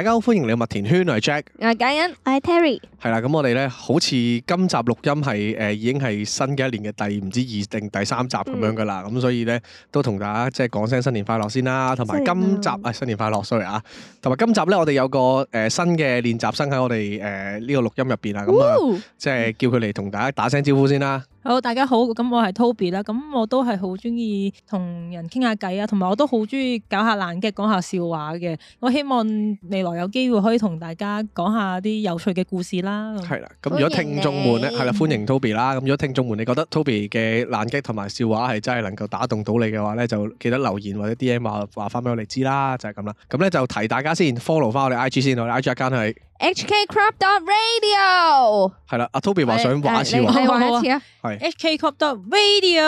大家好，歡迎你麥田圈，我係 Jack，我係 Kayan，係 Terry。係啦，咁我哋咧好似今集錄音係誒、呃，已經係新嘅一年嘅第唔知二定第三集咁樣噶啦，咁、嗯、所以咧都同大家即係講聲新年快樂先啦，同埋今集啊、哎、新年快樂，sorry 啊，同埋今集咧我哋有個誒、呃、新嘅練習生喺我哋誒呢個錄音入邊、嗯哦、啊，咁啊即係叫佢嚟同大家打聲招呼先啦。好，大家好，咁我係 Toby 啦，咁我都係好中意同人傾下偈啊，同埋我都好中意搞下爛 gag，講下笑話嘅。我希望未來有機會可以同大家講下啲有趣嘅故事啦。係啦，咁如果聽眾們咧，係啦，歡迎 Toby 啦。咁如果聽眾們你覺得 Toby 嘅爛 gag 同埋笑話係真係能夠打動到你嘅話咧，就記得留言或者 D M 話話翻俾我哋知啦，就係咁啦。咁咧就提大家先 follow 翻我哋 I G 先，我哋 I G 一間係 H K Crop Radio。係啦，阿、啊、Toby 話想玩一次玩，你玩一次啊。好 HKcrop dot radio。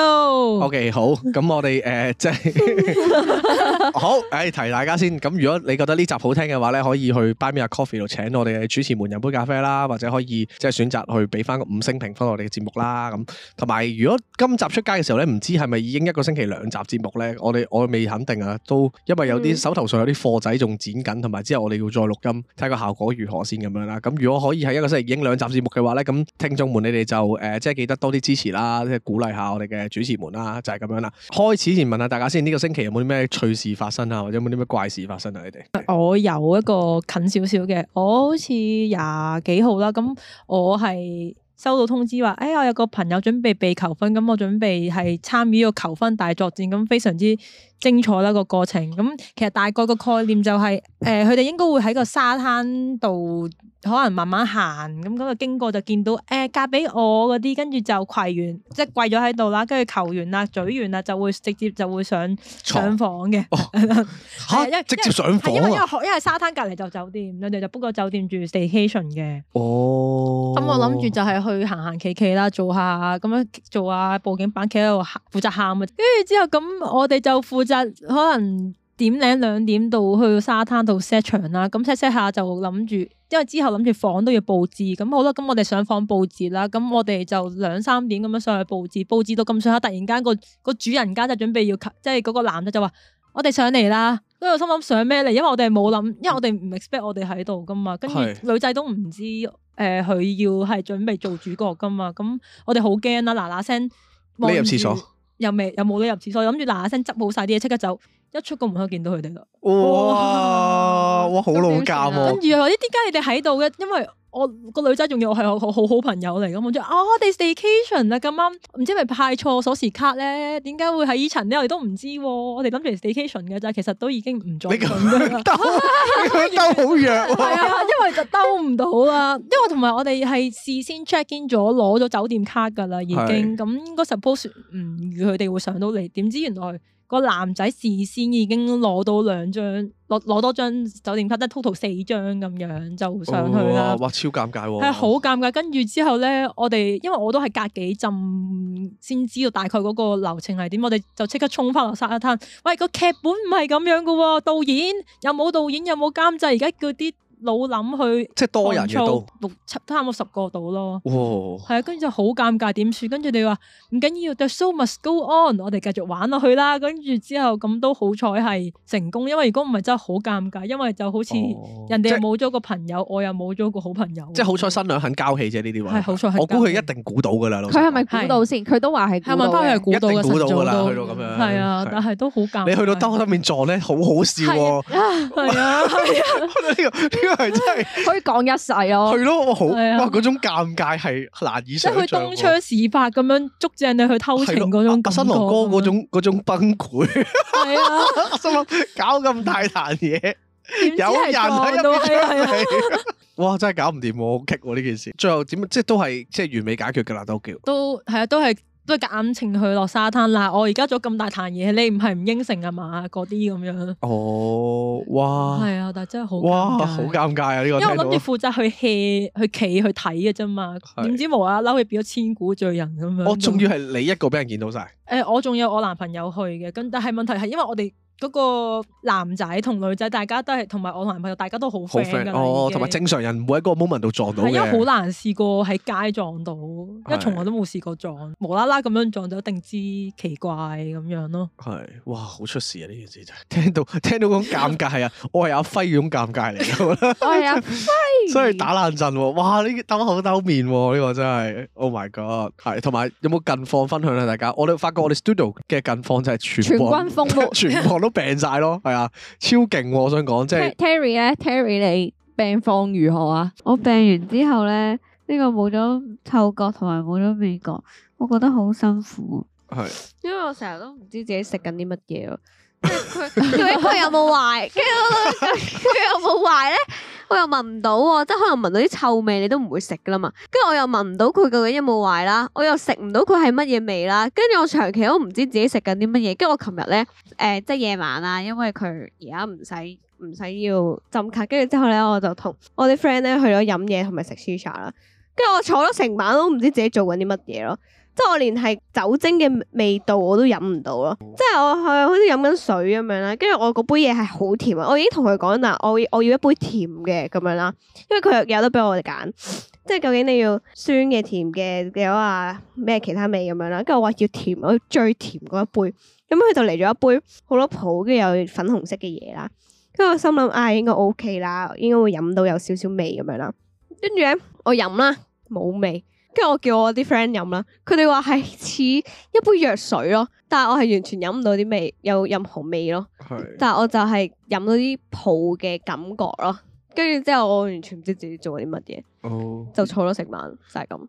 OK 好，咁我哋誒即係好，誒提大家先。咁如果你覺得呢集好聽嘅話咧，可以去 Buy Me a Coffee 度請我哋嘅主持們飲杯咖啡啦，或者可以即係選擇去俾翻個五星評分我哋嘅節目啦。咁同埋，如果今集出街嘅時候咧，唔知係咪已經一個星期兩集節目咧？我哋我未肯定啊，都因為有啲手頭上有啲貨仔仲剪緊，同埋之後我哋要再錄音，睇個效果如何先咁樣啦。咁如果可以喺一個星期已經兩集節目嘅話咧，咁聽眾們你哋就誒即係記得多啲支。支持啦，即係鼓勵下我哋嘅主持們啦，就係咁樣啦。開始前問下大家先，呢個星期有冇啲咩趣事發生啊？或者有冇啲咩怪事發生啊？你哋我有一個近少少嘅，我好似廿幾號啦，咁我係收到通知話，誒，我有個朋友準備被求婚，咁我準備係參與個求婚大作戰，咁非常之。精彩啦個過程咁，其實大概個概念就係誒佢哋應該會喺個沙灘度可能慢慢行咁，個經過就見到誒嫁俾我啲，跟住就跪完即係跪咗喺度啦，跟住求完啦，嘴完啦，就會直接就會上上房嘅，哦，因為直接上房。係因為因為沙灘隔離就酒店，你哋就不過酒店住 staycation 嘅哦。咁我諗住就係去行行企企啦，做下咁樣做下，報警板企喺度負責喊啊，跟住之後咁我哋就負責，可能點零兩點到去沙灘度 set 場啦，咁 set set 下就諗住，因為之後諗住房都要布置，咁好啦，咁我哋上房布置啦，咁我哋就兩三點咁樣上去布置，布置到咁上下，突然間個個主人家就準備要即係嗰個男嘅就話我哋上嚟啦，跟住我心諗上咩嚟？因為我哋冇諗，因為我哋唔 expect 我哋喺度噶嘛，跟住女仔都唔知誒佢、呃、要係準備做主角噶嘛，咁我哋好驚啦，嗱嗱聲匿入廁所。又未又冇理入廁所，諗住嗱嗱聲執好晒啲嘢，即刻走。一出個門口見到佢哋啦！哇，哇好老尷！跟住話：咦，點解你哋喺度嘅？因為我個女仔仲要我係好好好朋友嚟咁，我就：哦，我哋 staycation 啊，咁啱唔知咪派錯鎖匙卡咧？點解會喺依層咧？我哋都唔知。我哋諗住 staycation 嘅咋，其實都已經唔做。你咁樣。兜好弱，係啊，因為就兜唔到啦。因為同埋我哋係事先 check in 咗，攞咗酒店卡噶啦，已經咁個 suppose 唔如佢哋會上到嚟，點知原來。個男仔事先已經攞到兩張，攞攞多張酒店卡，即係 total 四張咁樣就上去啦，哦。哇，超尷尬喎！係好尷尬。跟住之後咧，我哋因為我都係隔幾陣先知道大概嗰個流程係點，我哋就即刻衝翻落沙灘。喂，個劇本唔係咁樣噶喎，導演有冇，導演有冇監製而家叫啲？老諗去，即係多人嘅都六七差唔多十個度咯。哇！係啊，跟住就好尷尬，點算？跟住你話唔緊要，the show must go on，我哋繼續玩落去啦。跟住之後咁都好彩係成功，因為如果唔係真係好尷尬，因為就好似人哋冇咗個朋友，我又冇咗個好朋友。即係好彩新娘肯交戲啫呢啲話。係好彩，我估佢一定估到㗎啦。佢係咪估到先？佢都話係係咪都係估到嘅啦？咁樣係啊，但係都好尷。你去到兜嗰邊坐咧，好好笑喎！係啊，係啊。係 真係是可以講一世啊，係咯，好哇！嗰的種尷尬係難以想象，即係東窗事發咁樣捉正你去偷情嗰種，新郎哥嗰種嗰種崩潰，係啊，搞咁大壇嘢，有人喺度係啊，哇！真係搞唔掂，我好棘呢件事，最後點即係都係即係完美解決噶啦，都叫都係啊，都係。都係夾硬情去落沙灘啦！我而家做咁大壇嘢，你唔係唔應承吖嘛？嗰啲咁樣。哦，哇！係啊，但係真係好，哇，好尷尬啊！呢、這個因為我諗住負責去 hea 去企、去睇嘅啫嘛，點知無啦啦變咗千古罪人咁、哦、樣。我仲要係你一個俾人，人見到晒。誒、呃，我仲有我男朋友去嘅，咁但係問題係因為我哋。嗰個男仔同女仔，大家都係同埋我同男朋友，大家都好 friend f、啊、哦，同埋正常人唔會喺個 moment 度撞到嘅，係好難試過喺街撞到，是因為從來都冇試過撞，無啦啦咁樣撞就一定知奇怪咁樣咯。係，哇，好出事啊！呢件事就聽到聽到咁尷尬 啊！我係阿輝嗰種尷尬嚟噶啦， 我係阿輝，所以 打冷震。哇，呢兜口兜面呢個真係，Oh、哦、my god！係，同埋有冇近況分享咧？大家，我哋發覺我哋 studio 嘅近況就係全全軍覆沒， 全部都。病晒咯，係啊，超勁喎！我想講即係 Terri 咧，Terri 你病況如何啊？我病完之後咧，呢個冇咗嗅覺同埋冇咗味覺，我覺得好辛苦啊，係，是的 因為我成日都唔知自己食緊啲乜嘢，即係佢佢應該有冇壞，佢有冇壞咧？ 我又聞唔到喎，即係可能聞到啲臭味，你都唔會食噶啦嘛。跟住我又聞唔到佢究竟有冇壞啦，我又食唔到佢係乜嘢味啦。跟住我長期都唔知自己食緊啲乜嘢。跟住我琴日咧，誒、呃、即係夜晚啊，因為佢而家唔使唔使要浸浸，跟住之後咧，我就同我啲 friend 咧去咗飲嘢同埋食舒茶啦。跟住我坐咗成晚都唔知自己做緊啲乜嘢咯。即係我連係酒精嘅味道我都飲唔到咯，即係我係好似飲緊水咁樣啦。跟住我嗰杯嘢係好甜啊，我已經同佢講啦，我要我要一杯甜嘅咁樣啦，因為佢有得俾我哋揀。即係究竟你要酸嘅、甜嘅，或者、啊、咩其他味咁樣啦。跟住我話要甜，我最甜嗰一杯。咁佢就嚟咗一杯好多泡，跟住有粉紅色嘅嘢啦。跟住我心諗啊，應該 OK 啦，應該會飲到有少少味咁樣啦。跟住咧，我飲啦，冇味。跟住我叫我啲 friend 飲啦，佢哋話係似一杯藥水咯，但係我係完全飲唔到啲味，有任何味咯，是但係我就係飲到啲泡嘅感覺咯，跟住之後我完全唔知自己做咗啲乜嘢，就坐咗成晚就係咁。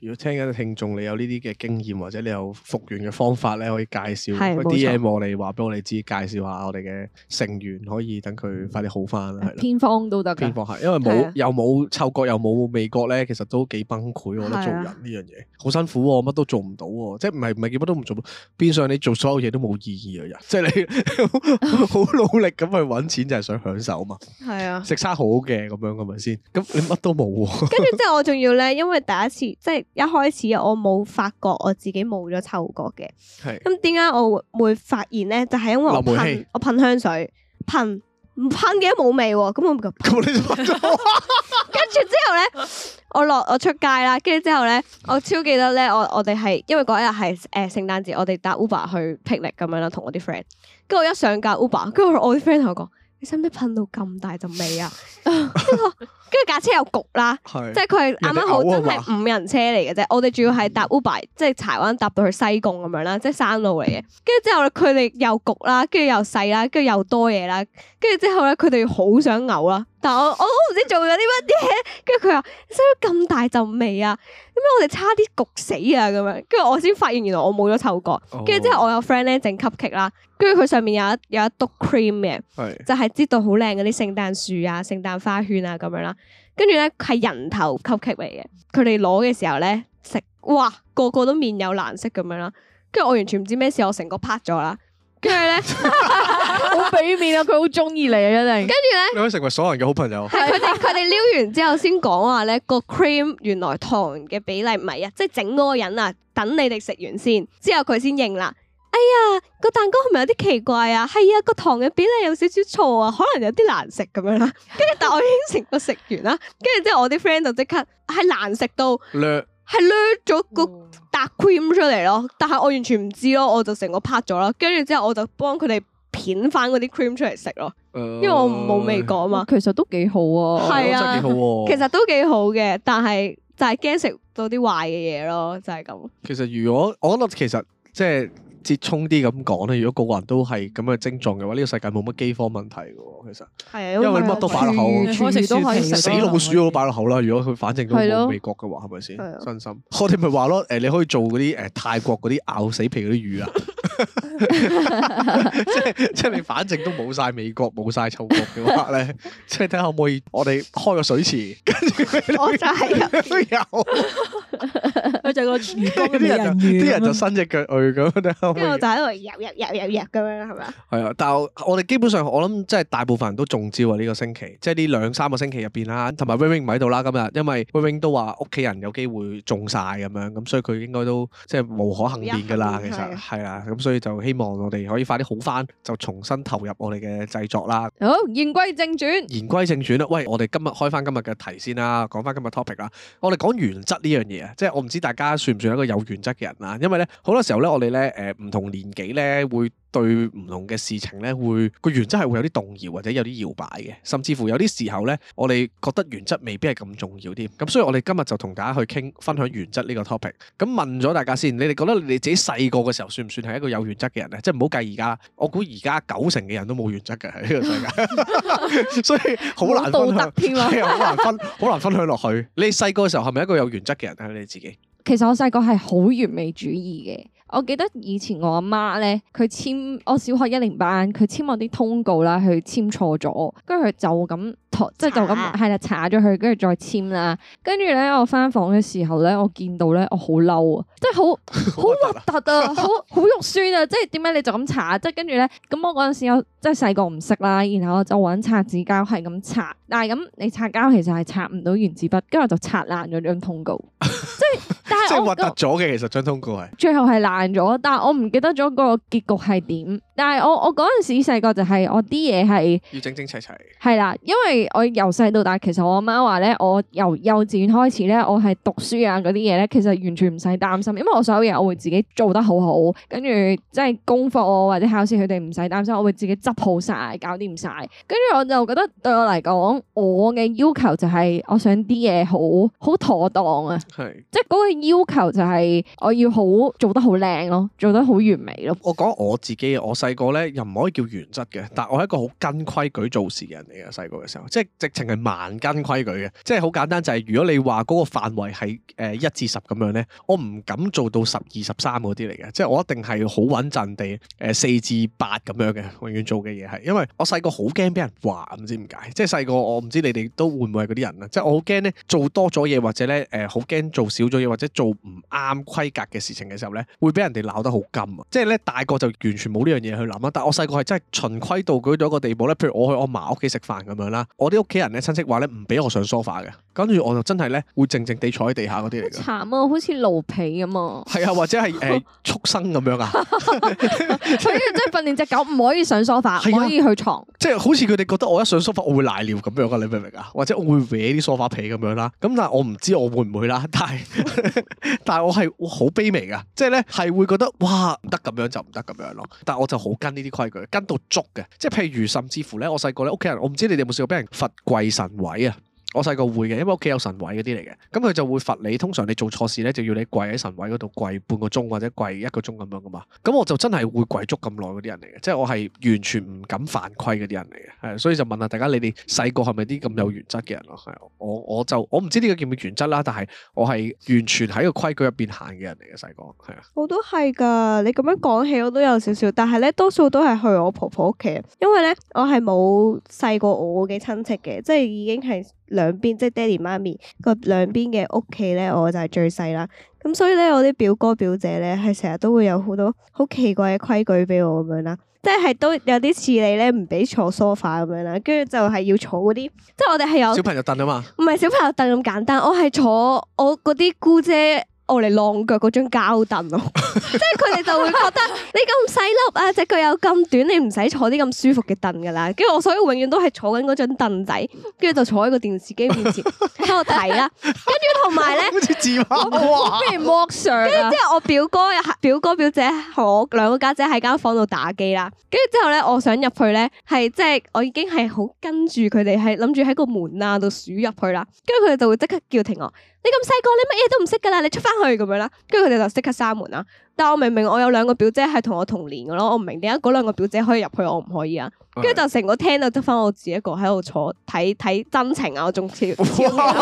如果聽緊嘅聽眾，你有呢啲嘅經驗，或者你有復原嘅方法咧，可以介紹一啲嘢，我哋話俾我哋知，介紹下我哋嘅成員可以等佢快啲好翻。嗯、的偏方都得，偏方係因為冇的又冇嗅覺又冇味覺咧，其實都幾崩潰。我覺得做人呢的樣嘢好辛苦、啊，我乜都做唔到、啊、到，即係唔係唔係叫乜都唔做。到。變相，你做所有嘢都冇意義嘅人，即係你好 努力咁去搵錢就係想享受啊嘛。係啊的，食餐好嘅咁樣，係咪先？咁你乜都冇。跟住即係我仲要咧，因為第一次。即係一開始我冇發覺我自己冇咗嗅覺嘅，咁點解我會會發現咧？就係、是、因為我噴我噴香水，噴唔噴嘅都冇味喎。咁我咁你噴咗，跟住 之後咧，我落我出街啦。跟住之後咧，我超記得咧，我我哋係因為嗰日係誒聖誕節，我哋搭 Uber 去霹靂咁樣啦，同我啲 friend。跟住我,我一上架 Uber，跟住我啲 friend 同我講。你使唔使噴到咁大陣味啊？跟住架車又焗啦，是即係佢係啱啱好真係五人車嚟嘅啫。我哋主要係搭 Uber，即係柴灣搭到去西貢咁樣啦，即係山路嚟嘅。跟住之後咧，佢哋又焗啦，跟住又細啦，跟住又多嘢啦。跟住之後咧，佢哋好想嘔啦，但係我我都唔知做咗啲乜嘢。跟住佢話，你收到咁大陣味啊，點解我哋差啲焗死啊？咁樣，跟住我先發現原來我冇咗嗅覺。跟住、哦、之後我有 friend 咧整 cupcake 啦，跟住佢上面有一有一篤 cream 嘅，是就係知道好靚嗰啲聖誕樹啊、聖誕花圈啊咁樣啦。跟住咧係人頭 cupcake 嚟嘅，佢哋攞嘅時候咧食，哇個個都面有藍色咁樣啦。跟住我完全唔知咩事，我成個 part 咗啦。跟住咧好俾面啊，佢好中意你啊一定。跟住咧，你可成為所有人嘅好朋友。佢哋佢哋撩完之後先講話咧，個 cream 原來糖嘅比例唔係啊，即係整嗰個人啊，等你哋食完先。之後佢先認啦，哎呀個蛋糕係咪有啲奇怪啊？係啊，個糖嘅比例有少少錯啊，可能有啲難食咁樣啦。跟住，但我已經成個食完啦。跟住之後，我啲 friend 就即刻係難食到。你。係掠咗個搭 cream 出嚟咯，但係我完全唔知咯，我就成個拍咗咯，跟住之後我就幫佢哋片翻嗰啲 cream 出嚟食咯，呃、因為我冇味覺嘛。其實都幾好啊，係啊，幾好啊，其實都幾好嘅，但係就係驚食到啲壞嘅嘢咯，就係、是、咁。其實如果我諗，其實即係。折衷啲咁講咧，如果個個人都係咁嘅症狀嘅話，呢個世界冇乜飢荒問題嘅喎，其實，因為乜都擺落口，全全都死老鼠都擺落口啦。如果佢反正都冇味覺嘅話，係咪先？真心吧吧我哋咪話咯，誒，你可以做嗰啲誒泰國嗰啲咬死皮嗰啲魚啊！ 即係即係你反正都冇晒美國冇晒臭國嘅話咧， 即係睇下可唔可以我哋開個水池，跟住我就係游，佢 就個池嗰啲人魚人，啲人就伸隻腳去咁，跟住就喺度入入入入游咁樣，係咪啊？係啊，但我哋基本上我諗即係大部分人都中招啊，呢、這個星期，即係呢兩三個星期入邊啦，同埋 Win Win 唔喺度啦，今日因為 Win Win 都話屋企人有機會中晒咁樣，咁所以佢應該都即係無可幸免噶啦，其實係啊，咁。所以就希望我哋可以快啲好翻，就重新投入我哋嘅製作啦。好，言歸正傳，言歸正傳啦。喂，我哋今日開翻今日嘅題先啦，講翻今日 topic 啦。我哋講原則呢樣嘢啊，即係我唔知大家算唔算一個有原則嘅人啊？因為咧好多時候咧，我哋咧誒唔同年紀咧會，對唔同嘅事情呢，會個原則係會有啲動搖或者有啲搖擺嘅，甚至乎有啲時候呢，我哋覺得原則未必係咁重要添。咁所以我哋今日就同大家去傾分享原則呢個 topic。咁問咗大家先，你哋覺得你自己細個嘅時候算唔算係一個有原則嘅人呢？即係唔好計而家，我估而家九成嘅人都冇原則嘅喺呢個世界， 所以好難分享，好 道德難分，好 難分享落去。你細個嘅時候係咪一個有原則嘅人啊？你自己？其實我細個係好完美主義嘅。我記得以前我阿媽咧，佢簽我小學一年班，佢簽我啲通告啦，佢簽錯咗，跟住佢就咁查即係就咁係啦，查咗佢，跟住再簽啦。跟住咧，我返房嘅時候咧，我見到咧，我好嬲啊，即係好好核突啊，好好肉酸啊！即係點解你就咁查？即係跟住咧，咁我嗰陣時我即係細個唔識啦，然後我就搵擦紙膠係咁擦，但係咁你擦膠其實係擦唔到原子筆，跟住我就擦爛咗張通告，即係 但係我核突咗嘅， 其實張通告係最後係爛。咗，但我唔記得咗個結局係點。但係我我嗰陣時細個就係我啲嘢係要整整齊齊，係啦，因為我由細到大，其實我阿媽話咧，我由幼稚園開始咧，我係讀書啊嗰啲嘢咧，其實完全唔使擔心，因為我所有嘢我會自己做得好好，跟住即係功課或者考試佢哋唔使擔心，我會自己執好晒，搞掂晒。跟住我就覺得對我嚟講，我嘅要求就係我想啲嘢好好妥當啊，係，是的 即係嗰個要求就係我要好做得好叻。咯，做得好完美咯。我講我自己，我細個咧又唔可以叫原則嘅，但我係一個好跟規矩做事嘅人嚟噶。細個嘅時候，即係直情係盲跟規矩嘅，即係好簡單就係，如果你話嗰個範圍係誒一至十咁樣咧，我唔敢做到十二十三嗰啲嚟嘅，即係我一定係好穩陣地誒四至八咁樣嘅，永遠做嘅嘢係，因為我細個好驚俾人話唔知點解，即係細個我唔知你哋都會唔會係嗰啲人啊，即係我好驚咧做多咗嘢，或者咧誒好驚做少咗嘢或者做唔啱規格嘅事情嘅時候咧會。俾人哋鬧得好甘啊！即係咧，大個就完全冇呢樣嘢去諗啊。但係我細個係真係循規蹈矩到一個地步咧。譬如我去我媽屋企食飯咁樣啦，我啲屋企人咧，親戚話咧唔俾我上 sofa 嘅。跟住我就真係咧會靜靜地坐喺地下嗰啲嚟嘅。慘啊，好似奴婢咁啊！係啊，或者係誒、呃、畜生咁樣啊！所以 即係訓練隻狗唔可以上 sofa，可以去床。即係好似佢哋覺得我一上 sofa 我會賴尿咁樣啊！你明唔明啊？或者我會歪啲 sofa 皮咁樣啦。咁但係我唔知我會唔會啦。但係 但係我係好卑微噶。即係咧係。你會覺得哇唔得咁樣就唔得咁樣咯，但係我就好跟呢啲規矩，跟到足嘅。即係譬如，甚至乎咧，我細個咧屋企人，我唔知你哋有冇試過俾人罰跪神位啊？我細個會嘅，因為屋企有神位嗰啲嚟嘅，咁佢就會罰你。通常你做錯事咧，就要你跪喺神位嗰度跪半個鐘或者跪一個鐘咁樣噶嘛。咁我就真係會跪足咁耐嗰啲人嚟嘅，即係我係完全唔敢犯規嗰啲人嚟嘅，係，所以就問下大家，你哋細個係咪啲咁有原則嘅人咯？係，我我就我唔知呢個叫咩原則啦，但係我係完全喺個規矩入邊行嘅人嚟嘅，細個係啊，我都係噶，你咁樣講起我都有少少，但係咧多數都係去我婆婆屋企，因為咧我係冇細過我嘅親戚嘅，即係已經係。兩邊即係爹哋媽咪個兩邊嘅屋企咧，我就係最細啦。咁所以咧，我啲表哥表姐咧，係成日都會有好多好奇怪嘅規矩俾我咁樣啦。即係都有啲似你咧，唔畀坐 sofa 咁樣啦，跟住就係要坐嗰啲，即係我哋係有小朋友凳啊嘛。唔係小朋友凳咁簡單，我係坐我嗰啲姑姐。我嚟晾腳嗰張膠凳咯， 即係佢哋就會覺得 你咁細粒啊，隻腳有咁短，你唔使坐啲咁舒服嘅凳噶啦。跟住我所以永遠都係坐緊嗰張凳仔，跟住就坐喺個電視機面前喺度睇啦。跟住同埋咧，好似字畫，忽、啊、然摸上。跟住之後，我表哥又係表哥表姐我兩個家姐喺間房度打機啦。跟住之後咧，我想入去咧，係即係我已經係好跟住佢哋，係諗住喺個門啊度鼠入去啦。跟住佢哋就會即刻叫停我。你咁細個，你乜嘢都唔識噶啦，你出翻去咁樣啦，跟住佢哋就即刻閂門啦。但我明明我有兩個表姐係同我同年嘅咯，我唔明點解嗰兩個表姐可以入去，我唔可以啊？跟住就成個廳就得翻我自己一個喺度坐睇睇真情啊！我仲就哇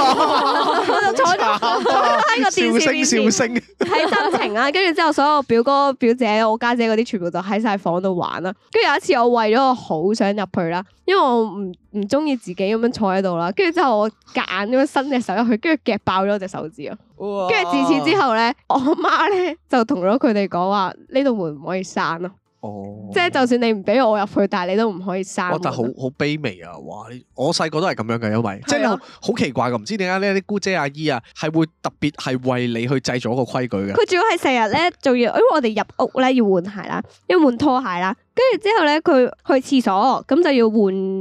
坐喺個電視笑聲笑聲睇真情啊！跟住之後所有表哥表姐我家姐嗰啲，全部就喺晒房度玩啦。跟住有一次我為咗我好想入去啦，因為我唔唔中意自己咁樣坐喺度啦。跟住之後我夾硬咁樣伸隻手入去，跟住夾爆咗隻手指啊！跟住哇自此之後咧，我媽咧就同咗佢哋講話：呢度門唔可以閂咯。哦，即係就算你唔俾我入去，但係你都唔可以閂。哇！但係好好卑微啊！哇，我細個都係咁樣嘅，因為、嗯、即係好、啊、奇怪噶，唔知點解呢啲姑姐阿姨啊，係會特別係為你去製造一個規矩嘅。佢仲要係成日咧，仲要因為我哋入屋咧要換鞋啦，要換拖鞋啦。跟住之後咧，佢去廁所咁就要換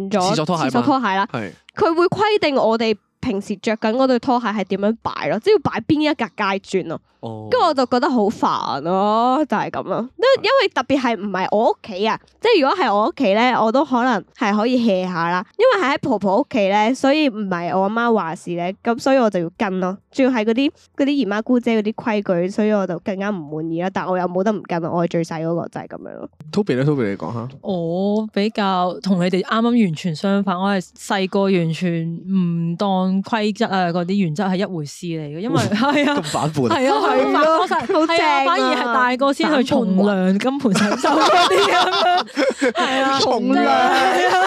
咗廁所拖鞋啦嗎。係，佢會規定我哋。平時着緊嗰對拖鞋係點樣擺咯？即要擺邊一格階磚咯？跟住、哦、我就覺得好煩咯，啊，就係咁咯。都因為特別係唔係我屋企啊，即係如果係我屋企咧，我都可能係可以 hea 下啦。因為係喺婆婆屋企咧，所以唔係我阿媽話事咧，咁所以我就要跟咯。仲要係嗰啲啲姨媽姑姐嗰啲規矩，所以我就更加唔滿意啦。但我又冇得唔跟我係最細嗰個就，啊，就係咁樣咯。Toby 咧，Toby 你講下，我比較同你哋啱啱完全相反，我係細個完全唔當規則啊，嗰啲原則係一回事嚟，啊、嘅，因為係 是啊，咁反叛係啊。確實係，反而係大個先去從良金盆洗手，啲啊， 的從良啊，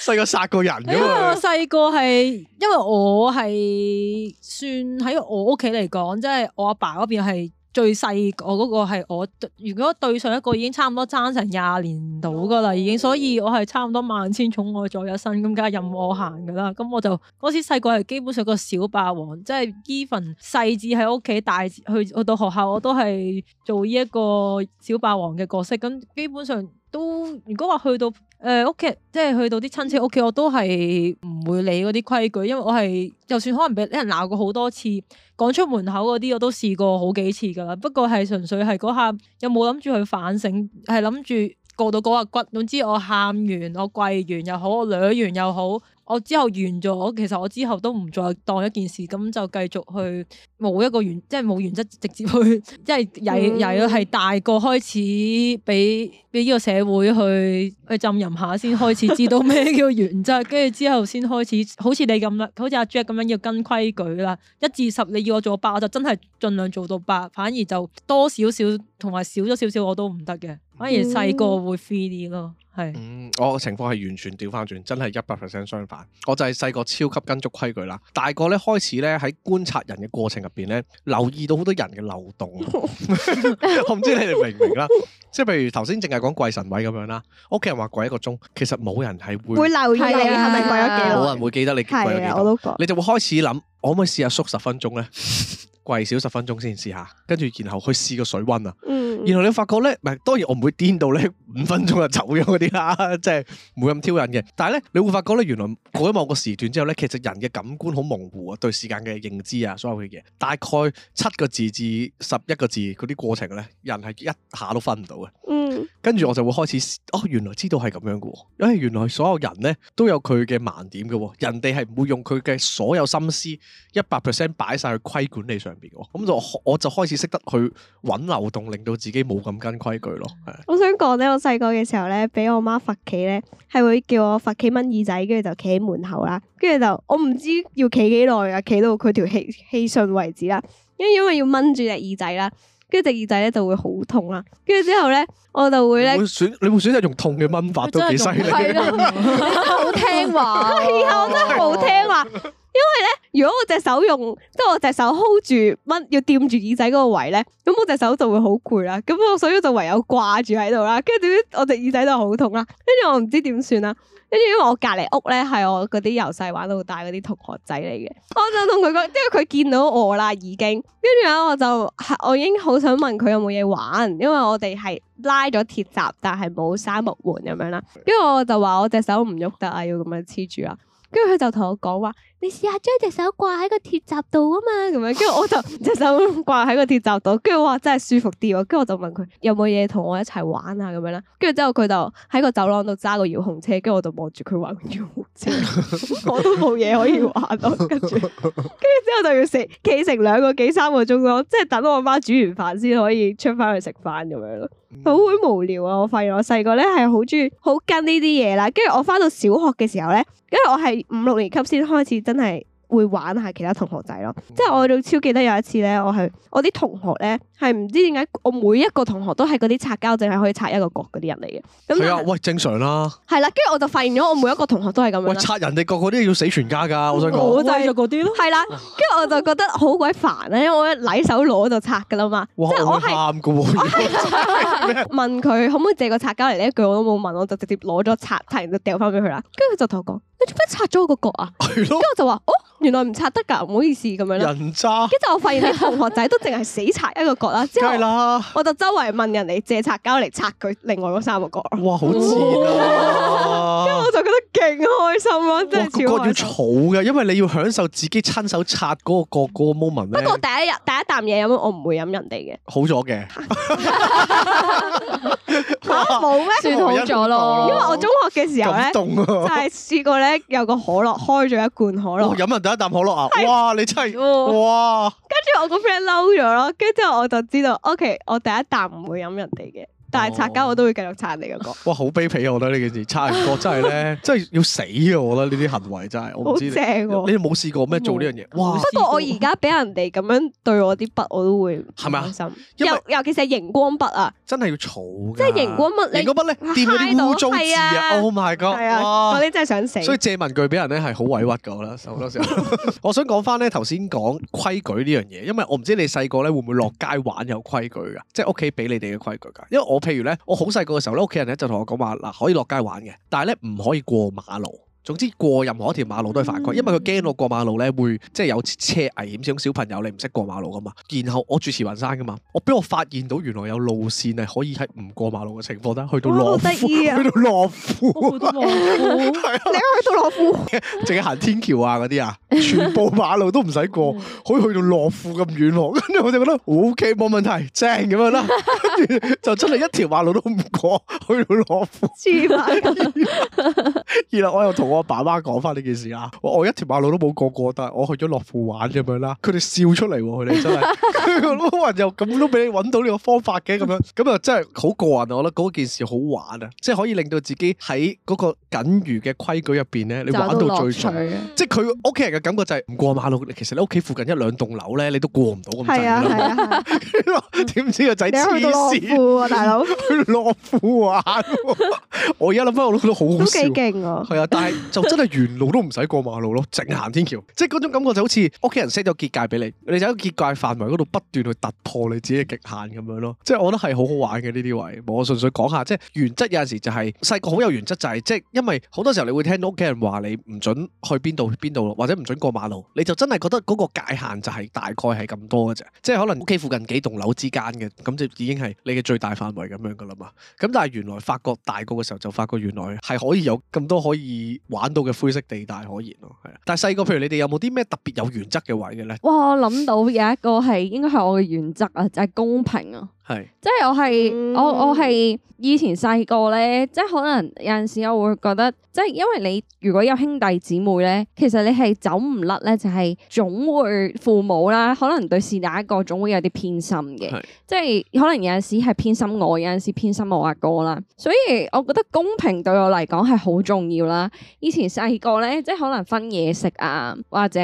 細個殺過人因噶 我細個係，因為我係算喺我屋企嚟講，即係我阿爸嗰邊係。最細我嗰個係我，如果對上一個已經差唔多爭成廿年到㗎喇，已經，所以我係差唔多萬千寵愛在一身咁，加任我行㗎喇，咁我就嗰時細個係基本上個小霸王，即係 even 細至喺屋企，大去去到學校我都係做呢一個小霸王嘅角色，咁基本上。都如果話去到誒屋企，呃、OK，即係去到啲親戚屋企，我都係唔會理嗰啲規矩，因為我係就算可能俾啲人鬧過好多次，講出門口嗰啲，我都試過好幾次噶啦。不過係純粹係嗰下，又冇諗住去反省，係諗住過到嗰個骨。總之我喊完，我跪完又好，我捋完又好，我之後完咗，其實我之後都唔再當一件事，咁就繼續去冇一個原，即係冇原則直接去，即係由由係大個開始俾。俾呢個社會去去浸淫下先開始知道咩叫原則，跟住之後先開始好似你咁啦，好似阿 Jack 咁樣要跟規矩啦。一至十你要我做八，我就真係盡量做到八。反而就多少少同埋少咗少少我都唔得嘅。反而細個會 free 啲咯，係、嗯。是嗯，我嘅情況係完全調翻轉，真係一百 percent 相反。我就係細個超級跟足規矩啦，大個咧開始咧喺觀察人嘅過程入邊咧，留意到好多人嘅漏洞。我唔知你哋明唔明啦，即係譬如頭先淨係，講跪神位咁樣啦，屋企人話跪一個鐘，其實冇人係會會留意你係咪跪咗幾耐，冇人會記得你跪咗幾耐，啊、我你就會開始諗，可唔可以試下縮十分鐘咧？跪 少十分鐘先試下，跟住然後去試個水温啊，嗯、然後你發覺咧，唔係，當然我唔會癲到咧五分鐘就走咗嗰啲啊，即係唔會咁挑釁嘅。但係咧，你會發覺咧，原來過咗某個時段之後咧，其實人嘅感官好模糊啊，對時間嘅認知啊，所有嘅嘢，大概七個字至十一個字嗰啲過程咧，人係一下都分唔到嘅。嗯跟住我就會開始哦，原來知道係咁樣嘅喎，因為原來所有人咧都有佢嘅盲點嘅喎，人哋係唔會用佢嘅所有心思一百 percent 擺晒去規管理上邊嘅喎，咁就我就開始識得去揾漏洞，令到自己冇咁跟規矩咯。係，我想講咧，我細個嘅時候咧，俾我媽罰企咧，係會叫我罰企掹耳仔，跟住就企喺門口啦，跟住就我唔知要企幾耐啊，企到佢條氣氣順為止啦，因因為要掹住隻耳仔啦。跟住隻耳仔咧就會好痛啦，跟住之後咧我就會咧選，你會選擇用痛嘅掹法都幾犀利，嗯、 好聽話、啊， 以後我都好聽話。因為咧，如果我隻手用，即係我隻手 hold 住掹，要掂住耳仔嗰個位咧，咁我隻手就會好攰啦。咁我所以就唯有掛住喺度啦。跟住點知我隻耳仔就好痛啦，跟住我唔知點算啦。跟住因為我隔籬屋咧係我嗰啲由細玩到大嗰啲同學仔嚟嘅，我就同佢講，因為佢見到我啦已經，跟住咧我就我已經好想問佢有冇嘢玩，因為我哋係拉咗鐵閘，但係冇閂木門咁樣啦，跟住我就話我隻手唔喐得啊，要咁樣黐住啊，跟住佢就同我講話。你試下將隻手掛喺個鐵閘度啊嘛，咁樣，樣，跟住我就隻手掛喺個鐵閘度，跟住我話，真係舒服啲，跟住我就問佢有冇嘢同我一齊玩啊咁樣啦，跟住之後佢就喺個走廊度揸個遙控車，跟住我就望住佢玩遙控車， 我都冇嘢可以玩咯，跟住，跟住之後就要成企成兩個幾三個鐘咯，即係等我媽煮完飯先可以出翻去食飯咁樣咯，好鬼無聊啊！我發現我細個咧係好中意好跟呢啲嘢啦，跟住我翻到小學嘅時候咧，因為我係五六年級先開始真。真係會玩下其他同學仔咯，即係我仲超記得有一次咧，我係我啲同學咧係唔知點解，我每一個同學都係嗰啲擦膠淨係可以擦一個角嗰啲人嚟嘅。咁係啊，喂，正常，啊、啦。係啦，跟住我就發現咗，我每一個同學都係咁樣。喂，擦人哋個個都要死全家噶，我想講就係嗰啲咯。係啦，跟住我就覺得好鬼煩啊，因為我咧手攞就擦噶啦嘛。哇即係我係啱噶喎！ 問佢可唔可以借個擦膠嚟呢？一句我都冇問，我就直接攞咗擦，擦完就掉翻俾佢啦。跟住佢就同我講。你做咩拆咗個角啊？係咯，跟住我就話哦，原來唔拆得噶，唔好意思咁樣啦。人渣。跟住我發現啲同學仔都淨係死拆一個角啦，係啦。我就周圍問人嚟借拆膠嚟拆佢另外嗰三個角。哇，好賤啊！跟住 我就覺得勁開心咯，真係、哦。個要草嘅，因為你要享受自己親手拆嗰個角嗰個 moment。不過第一日第一啖嘢飲，我唔會飲人哋嘅。好咗了嘅。吓、 啊，冇咩？算好咗咯，因為我中學嘅時候咧，就係試過有個可樂，開咗一罐可樂，飲人第一啖可樂啊！是哇，你真係哇！跟住我個 friend 嬲咗咯，跟住之後我就知道，OK，我第一啖唔會飲人哋嘅。但係拆家我都會繼續撐你個角。哇，好卑鄙啊！我覺得呢件事，拆完角真係咧，真係要死啊！我覺得呢啲行為真係，我唔知你冇試過咩做呢樣嘢。不過我而家俾人哋咁樣對我啲筆，我都會係咪啊？尤其是熒光筆啊！真係要嘈嘅。即係熒光筆，熒光筆咧，掂到啲污糟啊！Oh my god！我哋真係想死。所以借文具俾人咧係好委屈嘅，我覺得好多時候。我想講翻咧頭先講規矩呢樣嘢，因為我唔知你細個咧會唔會落街玩有規矩㗎，即係屋企俾你哋嘅規矩㗎，因為我。我譬如咧，我好細個嘅時候咧，屋企人咧就同我講話嗱，可以落街玩嘅，但係咧唔可以過馬路。總之過任何一條馬路都係犯規，因為佢驚我過馬路咧會即係有車危險，咁小朋友你唔識過馬路噶嘛？然後我住慈雲山噶嘛，我俾我發現到原來有路綫係可以喺唔過馬路嘅情況底下去到樂富，去到羅你、啊、去到樂富，仲要 行天橋啊嗰啲啊，全部馬路都唔使過，可以去到樂富咁遠，跟 住我就覺得 O K 冇問題，正咁樣啦，跟住 就真係一條馬路都唔過，去到樂富，二、 啊、 我又同我爸媽講翻呢件事啊，我一條馬路都冇過過得，但係我去咗樂富玩咁樣啦，佢哋笑出嚟喎，佢哋真係，我 都話又咁都俾你揾到呢個方法嘅咁樣，咁啊真係好過癮啊！我覺得嗰件事好玩啊，即係 可以令到自己喺嗰個僅餘嘅規矩入邊咧，你玩到最盡，即係佢屋企人嘅感覺就係、是、唔過馬路，其實你屋企附近一兩棟樓咧，你都過唔到咁滯，係啊，係啊，點、啊啊、 知個仔痴線大佬， 去樂富父玩， 我而家諗翻我都覺得好好笑， 啊，但係。 就真係沿路都唔使過馬路咯，淨行天橋，即係嗰種感覺就好似屋企人 set 咗結界俾你，你就喺結界範圍嗰度不斷去突破你自己嘅極限咁樣咯。即係我覺得係好好玩嘅呢啲位。我純粹講下，即係原則有陣時就係細個好有原則、就係，就係即係因為好多時候你會聽到屋企人話你唔準去邊度邊度咯，或者唔準過馬路，你就真係覺得嗰個界限就係大概係咁多嘅啫。即係可能屋企附近幾棟樓之間嘅，咁就已經係你嘅最大範圍咁樣噶啦嘛。咁但係原來發覺大個嘅時候就發覺原來係可以有咁多可以。玩到嘅灰色地帶可言咯，係啊！但係細個，譬如你哋有冇啲咩特別有原則嘅位嘅咧？哇！我諗到有一個係 應該係我嘅原則啊，就係、係、公平啊！係，即係我係我我係以前細個咧，即係可能有陣時我會覺得，即係因為你如果有兄弟姊妹咧，其實你係走唔甩咧，就係總會父母啦，可能對是哪一個總會有啲偏心嘅，是即係可能有陣時係偏心我，有陣時偏心我阿哥啦。所以我覺得公平對我嚟講係好重要啦。以前細個咧，即係可能分嘢食啊，或者，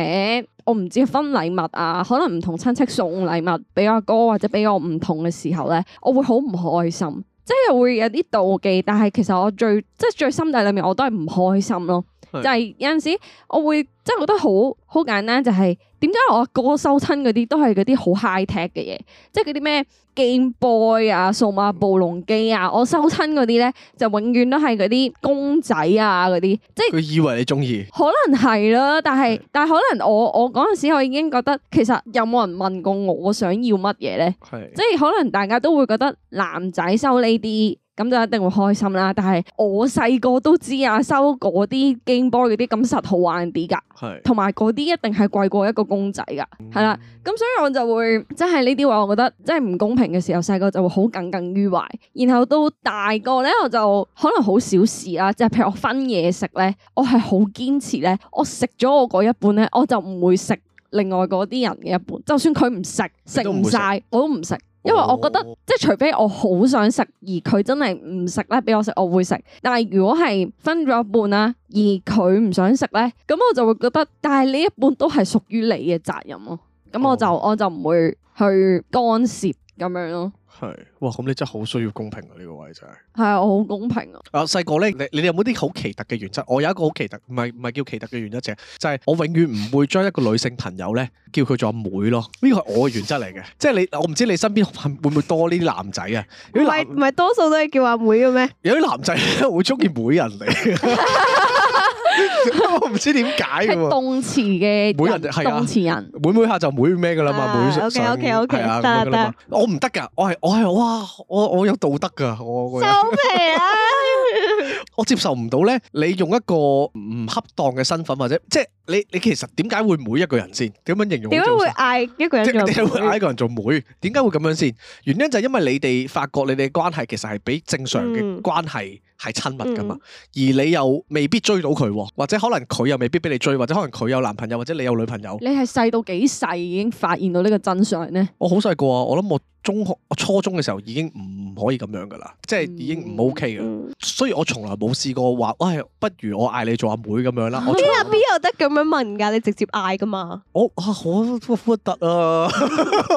我唔知分禮物啊，可能唔同親戚送禮物俾阿哥或者俾我唔同嘅時候咧，我會好唔開心，即係會有啲妒忌，但係其實我最即係最心底裏面我都係唔開心咯。就係有陣時，我會即係覺得好好簡單，就是哥哥，就係點解我哥收親嗰啲都係嗰啲好 high tech 嘅嘢，即係嗰啲咩 game boy 啊、數碼暴龍機啊，我收親嗰啲咧就永遠都係嗰啲公仔啊嗰啲，即係佢以為你中意，可能係囉，但係是的 但係可能我我嗰陣時我已經覺得其實有冇人問過我想要乜嘢咧，即係是的 可能大家都會覺得男仔收呢啲。咁就一定會開心啦，但係我細個都知啊，收嗰啲 Game Boy 嗰啲咁實好玩啲噶係，同埋嗰啲一定係貴過一個公仔噶係啦、嗯，咁所以我就會即係呢啲話，我覺得即係唔公平嘅時候，細個就會好耿耿於懷，然後到大個咧，我就可能好小事啦、啊，即係譬如我分嘢食咧，我係好堅持咧，我食咗我嗰一半咧，我就唔會食另外嗰啲人嘅一半，就算佢唔食，食唔晒，我都唔食。因為我覺得即係除非我好想食而佢真係唔食咧，俾我食我會食。但係如果係分咗一半啦、啊，而佢唔想食咧，咁我就會覺得，但係呢一半都係屬於你嘅責任咯、啊。咁我就、oh. 我就唔會去干涉咁樣咯、啊。係，哇！咁你真係好需要公平啊，呢個位真係。係啊，我好公平啊。啊，細個咧，你你哋有冇啲好奇特嘅原則？我有一個好奇特，唔係唔係叫奇特嘅原則啫，就係、就係、我永遠唔會將一個女性朋友咧叫佢做阿妹咯。呢個係我嘅原則嚟嘅。 即係你，我唔知你身邊會唔會多呢啲男仔啊？唔係 多數都係叫阿妹嘅咩？有啲男仔咧會中意妹人嚟。 我唔知點解嘅喎，係動詞嘅每人係啊，動詞人每每下就每咩噶啦嘛，每係啊，ok ok ok 得，我唔得噶，我係我係哇，我我有道德噶，我收皮啦，我接受唔到咧，你用一個唔恰當嘅身份或者，即係你你其實點解會每一個人先？點樣形容？點解會嗌一個人做？點解會嗌一個人做妹？點解會咁樣先？原因就係因為你哋發覺你哋關係其實係比正常嘅關係。係親密㗎嘛，而你又未必追到佢喎，或者可能佢又未必俾你追，或者可能佢有男朋友，或者你有女朋友。你係細到幾細已經發現到呢個真相呢？我好細個啊，我都中學我初中嘅時候已經唔可以咁樣噶啦，即係已經唔 OK 嘅，所以我從來冇試過話，喂，不如我嗌你做阿妹咁樣啦。邊阿 B 有得咁樣問噶？你直接嗌噶嘛？我啊可可得啊！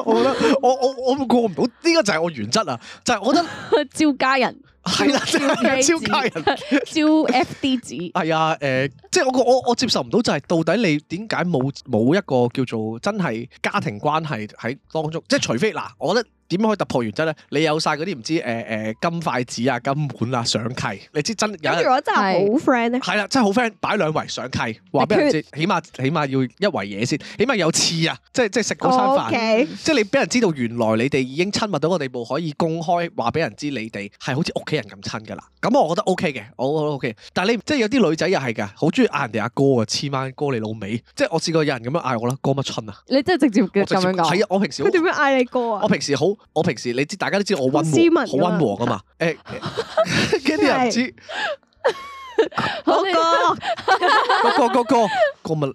我覺得我我我過唔到呢個就係我原則啊！就 係我覺得招、就是、 家人係啦，招招家人招 FD 子係 啊！誒、呃，即係我我我接受唔到就係到底你點解冇冇一個叫做真係家庭關係喺當中？即係除非嗱，我覺得。點樣去突破原則咧？你有晒嗰啲唔知誒誒、呃、金筷子啊、金碗啊、上契，你知真有跟如果真係好 friend 咧，係啦，真係好 friend，擺兩圍上契，話俾人知，決起碼起碼要一圍嘢先，起碼有次啊，即係即係食嗰餐飯，oh, okay. 即係你俾人知道原來你哋已經親密到個地步，可以公開話俾人知你哋係好似屋企人咁親噶啦。咁我覺得 OK 嘅，我 OK，OK，但係你即係有啲女仔又係嘅，好中意嗌人哋阿哥啊，黐孖哥你老味，即係我試過有人咁樣嗌我啦，哥乜春啊？你真係直接叫咁樣講，我平時佢點樣嗌你哥啊？我平時好。我平時你知，大家都知我溫和，好溫和噶嘛？誒、欸，啲、欸、 人知，嗰個，嗰個，嗰個，個乜？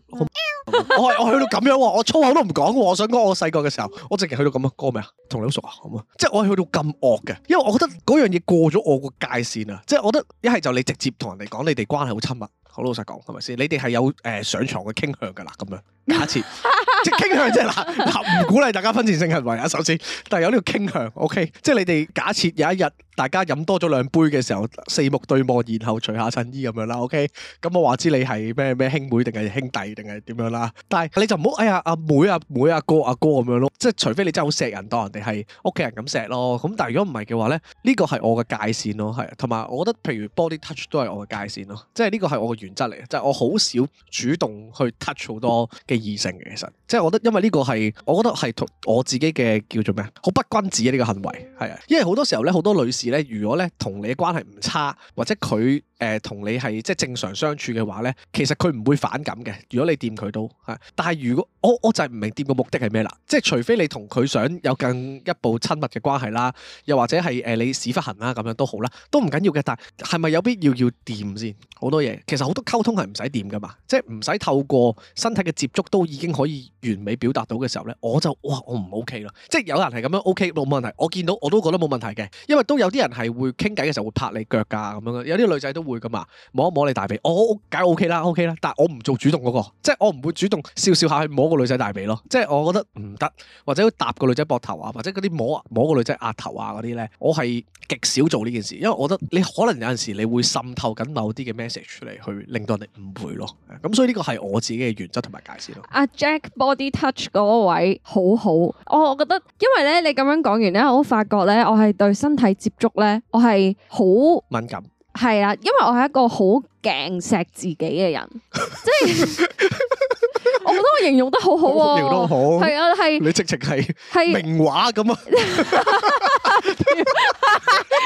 我係我去到咁樣，我粗口都唔講。我想講，我細個嘅時候，我淨係、嗯、去到咁啊，嗰個咩啊？同你好熟啊？好嘛？即係我係去到咁惡嘅，因為我覺得嗰樣嘢過咗我個界線啊！即係我覺得一係就你直接同人哋講，你哋關係好親密。好老實講，係咪先？你哋係有誒上床嘅傾向噶啦？咁樣假設。 即 傾向即係嗱嗱，唔鼓勵大家婚前性行為啊！首先，但係有呢個傾向，OK？即係你哋假設有一日。大家飲多咗兩杯嘅時候，四目對望，然後除下襯衣咁樣啦，OK、嗯。咁我話知你係咩咩兄妹定係兄弟定係點樣啦？但係你就唔好哎呀阿妹啊妹啊哥阿哥咁樣咯，即係除非你真係好錫人，當人哋係屋企人咁錫咯。咁但係如果唔係嘅話咧，呢個係我嘅界線咯，係同埋我覺得譬如 body touch 都係我嘅界線咯，即係呢個係我嘅原則嚟，就係我好少主動去 touch 好多嘅異性嘅，其實即係我覺得因為呢個係我覺得係同我自己嘅叫做咩好不君子嘅呢個行為，係啊，因為好多時候咧好多女。如果咧同你關係唔差，或者佢。誒同你係即係正常相處嘅話呢，其實佢唔會反感嘅。如果你掂佢都係，但係如果我我就係唔明掂嘅目的係咩啦？即係除非你同佢想有更一步親密嘅關係啦，又或者係誒、呃、你屎忽痕啦咁樣都好啦，都唔緊要嘅。但係咪有必要要掂先？好多嘢其實好多溝通係唔使掂㗎嘛，即係唔使透過身體嘅接觸都已經可以完美表達到嘅時候呢，我就哇我唔 OK 咯！即係有人係咁樣 OK 冇問題，我見到我都覺得冇問題嘅，因為都有啲人係會傾偈嘅時候會拍你腳㗎咁樣，有啲女仔都會。會噶嘛？摸一摸你大髀，我梗 O K 啦，O K 啦。但係我唔做主動嗰、嗰個，即係我唔會主動笑笑下去摸，摸，摸個女仔大髀咯。即係我覺得唔得，或者搭個女仔膊頭啊，或者嗰啲摸摸個女仔額頭啊嗰啲咧，我係極少做呢件事，因為我覺得你可能有陣時你會滲透緊某啲嘅 message 嚟去令到人哋誤會咯。咁所以呢個係我自己嘅原則同埋解釋咯。阿 Jack Body Touch 嗰位好好，我、oh，我覺得因為咧你咁樣講完咧，我都發覺咧我係對身體接觸咧我係好敏感。係啦，因為我係一個好勁錫自己嘅人， 即係我覺得我形容得好好，調都好，係啊，係你直情係係名畫咁啊，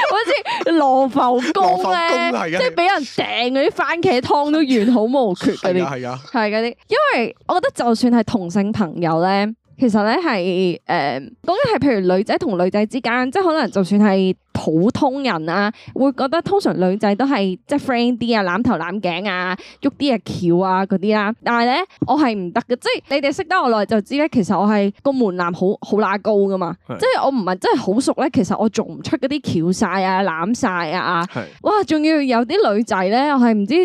好似羅浮宮咧，即係俾人掟嗰啲番茄湯都完好無缺嗰啲，係啊，係啲，因為我覺得就算係同性朋友咧，其實咧係誒，講嘅係譬如女仔同女仔之間，即係可能就算係。普通人啊，會覺得通常女仔都係即係 friend 啲啊，攬頭攬頸啊，喐啲啊橋啊嗰啲啦。但係咧，我係唔得嘅，即係你哋識得我耐就知咧。其實我係個門檻好好乸高㗎嘛，即係我唔係真係好熟咧。其實我做唔出嗰啲橋晒啊、攬晒啊。哇，仲要有啲女仔咧，我係唔知，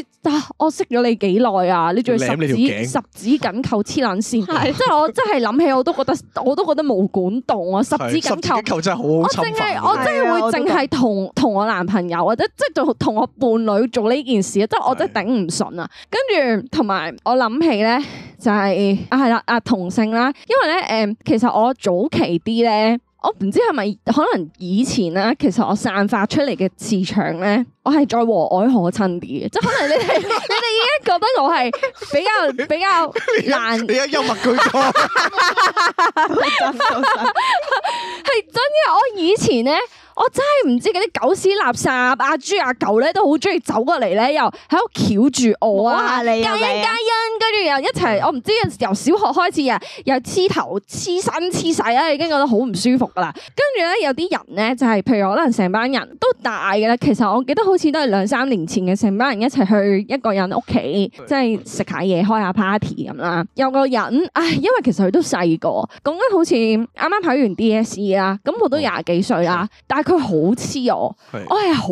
我識咗你幾耐啊？你仲要十指十指緊扣黐撚線，即係我真係諗起我都覺得我都覺得冇管動啊，十指緊扣真係好好。我淨係我真係會。定係同同我男朋友，或者即係做同我伴侶做呢件事，即係我真係頂唔順啊！跟住同埋我諗起咧，就係啊係啦啊同性啦，因為咧誒、嗯，其實我早期啲咧，我唔知係咪可能以前啦，其實我散發出嚟嘅磁場咧，我係再和藹可親啲嘅，即係可能你哋你哋已經覺得我係比較 比較難你，你喺幽默居多，係真嘅，我以前咧。我真係唔知嗰啲狗屎垃圾阿豬阿狗咧，都好鍾意走過嚟咧，又喺度翹住我啊！嘉欣嘉欣，跟住又一齊，我唔知由小學開始啊，又黐頭黐身黐曬啦，已經覺得好唔舒服噶啦。跟住咧，有啲人咧，就係、是、譬如可能成班人都大嘅啦，其實我記得好似都係兩三年前嘅，成班人一齊去一個人屋企，即係食下嘢、開下 party 咁啦。有個人唉，因為其實佢都細個，講緊好似啱啱考完 DSE 啦，咁我都廿幾歲啦，但係佢好黐我，是我係好，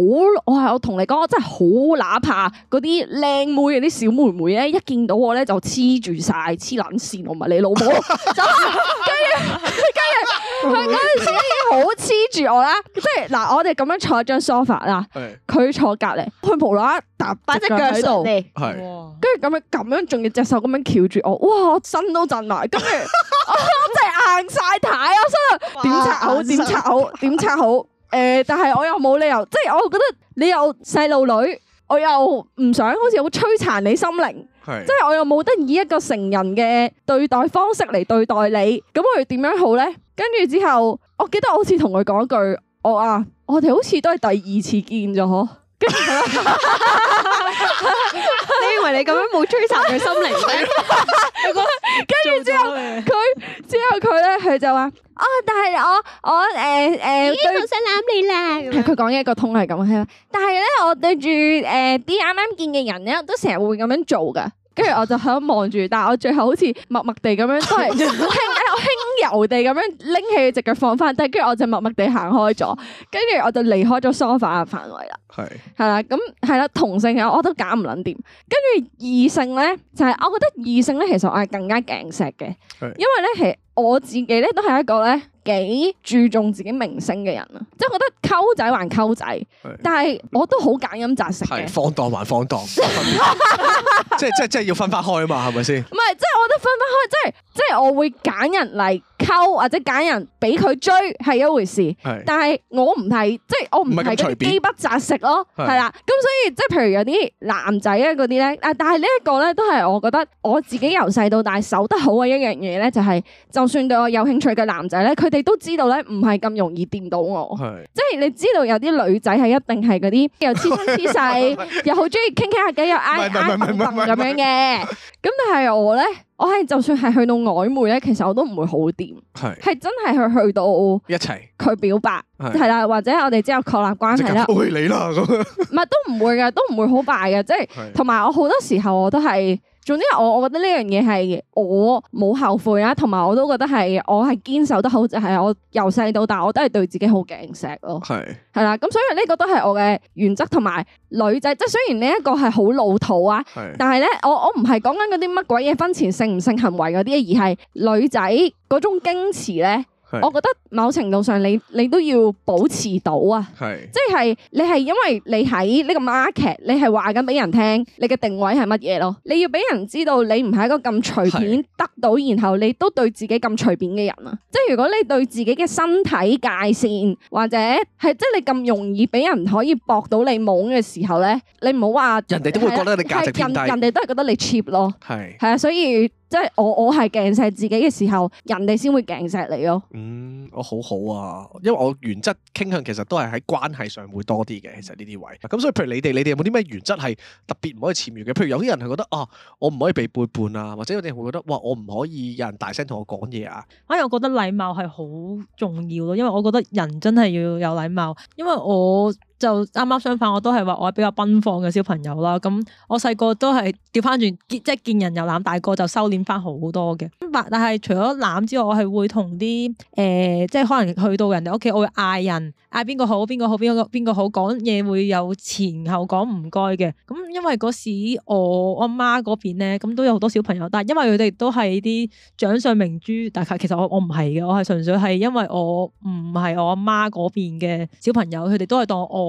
我係我同你講，我真係好，哪怕嗰啲靚妹啊，啲小妹妹咧，一見到我咧就黐住晒，黐撚線，我唔係你老母走，跟住跟住，佢嗰陣時已經好黐住我啦，即係嗱，我哋咁樣坐張梳化啦，佢坐隔籬，佢無啦啦搭翻隻腳喺度，係，跟住咁樣咁樣，仲要隻手咁樣翹住我，哇，我身都震埋，跟住我真係硬晒睇，我真係點插好，點插行好，點插好。 誒、呃，但係我又冇理由，即係我覺得你又細路女，我又唔想好似好摧殘你心靈，是即係我又冇得以一個成人嘅對待方式嚟對待你，咁我哋點樣好咧？跟住之後，我記得我好似同佢講句，我啊，我哋好似都係第二次見咗嗬。跟住。 你認為你咁樣冇摧殘佢心靈咩？跟住 如果 之後佢之後佢咧，佢就話：哦，但係我我誒誒，對，我好想攬你啦。係佢講一個通係咁樣，但係咧，我對住誒啲啱啱見嘅人咧，都成日會咁樣做噶。跟住我就喺度望住，但係我最後好似默默地咁樣， 都係好輕好輕柔地咁樣拎起，隻腳放翻低。跟住我就默默地行開咗，跟住我就離開咗 sofa 嘅範圍啦。係是，係啦，咁係啦，同性嘅我都揀唔撚掂。跟住異性咧，就係、是、我覺得異性咧，其實我係更加勁錫嘅，是因為咧，其實我自己咧都係一個咧。幾注重自己明星嘅人啊，即係覺得溝仔還溝仔，是但係我都好揀飲擇食嘅，放蕩還放蕩，即係即係即係要分返開啊嘛，係咪先？唔係，即係我覺得分返開，即係即係我會揀人嚟。溝或者揀人俾佢追係一回事，是但係我唔係，即係我唔係嗰啲飢不擇食咯，係啦。咁是、嗯、所以即係譬如有啲男仔啊嗰啲咧，啊但係呢一個咧都係我覺得我自己由細到大守得好嘅一樣嘢，咧，就係、是、就算對我有興趣嘅男仔咧，佢哋都知道咧唔係咁容易掂到我，是即係你知道有啲女仔係一定係嗰啲又黐身黐細，又好中意傾傾下偈，又挨挨咁樣嘅。咁 但係我咧。 我係就算係去到曖昧咧，其實我都唔會好掂，係是真係去去到一齊佢表白係啦，或者我哋之後確立關係啦，會你啦咁，唔係都唔會嘅，都唔會好敗嘅，即係同埋我好多時候我都係。總之我我覺得呢樣嘢係我冇後悔啊，同埋我都覺得係我係堅守得好，就係我由細到大我都係對自己好勁錫咯。係係啦，咁所以呢個都係我嘅原則，同埋女仔即係雖然呢一個係好老土啊，是但係咧我我唔係講緊嗰啲乜鬼嘢婚前性唔性行為嗰啲，而係女仔嗰種矜持咧。我覺得某程度上你，你你都要保持到啊，是即係你係因為你喺呢個 market，你係話緊俾人聽，你嘅定位係乜嘢咯？你要俾人知道你唔係一個咁隨便得到，是然後你都對自己咁隨便嘅人啊！即係如果你對自己嘅身體界線或者係即係你咁容易俾人可以搏到你懵嘅時候咧，你唔好話人哋都會覺得你價值人哋都係覺得你 cheap 咯，係係是啊，所以。即係我我係鏡錫自己嘅時候，人哋先會鏡錫你咯。嗯，我、哦、好好啊，因為我原則傾向其實都係喺關係上會多啲嘅。其實呢啲位，咁、嗯、所以譬如你哋，你哋有冇啲咩原則係特別唔可以僭越嘅？譬如有啲人係覺得啊，我唔可以被背叛啊，或者有啲人會覺得哇，我唔可以有人大聲同我講嘢啊。反而、哎、我覺得禮貌係好重要咯，因為我覺得人真係要有禮貌，因為我。就啱啱相反，我都係話我係比較奔放嘅小朋友啦。咁我細個都係調翻轉，即係見人又攬大個就收斂翻好多嘅。咁但係除咗攬之外，我係會同啲誒，即係可能去到人哋屋企，我會嗌人，嗌邊個好，邊個好，邊個邊個好，講嘢會有前後講唔該嘅。咁因為嗰時我阿媽嗰邊咧，咁都有好多小朋友，但係因為佢哋都係啲掌上明珠，但係其實我我唔係嘅，我係純粹係因為我唔係我阿媽嗰邊嘅小朋友，佢哋都係當我。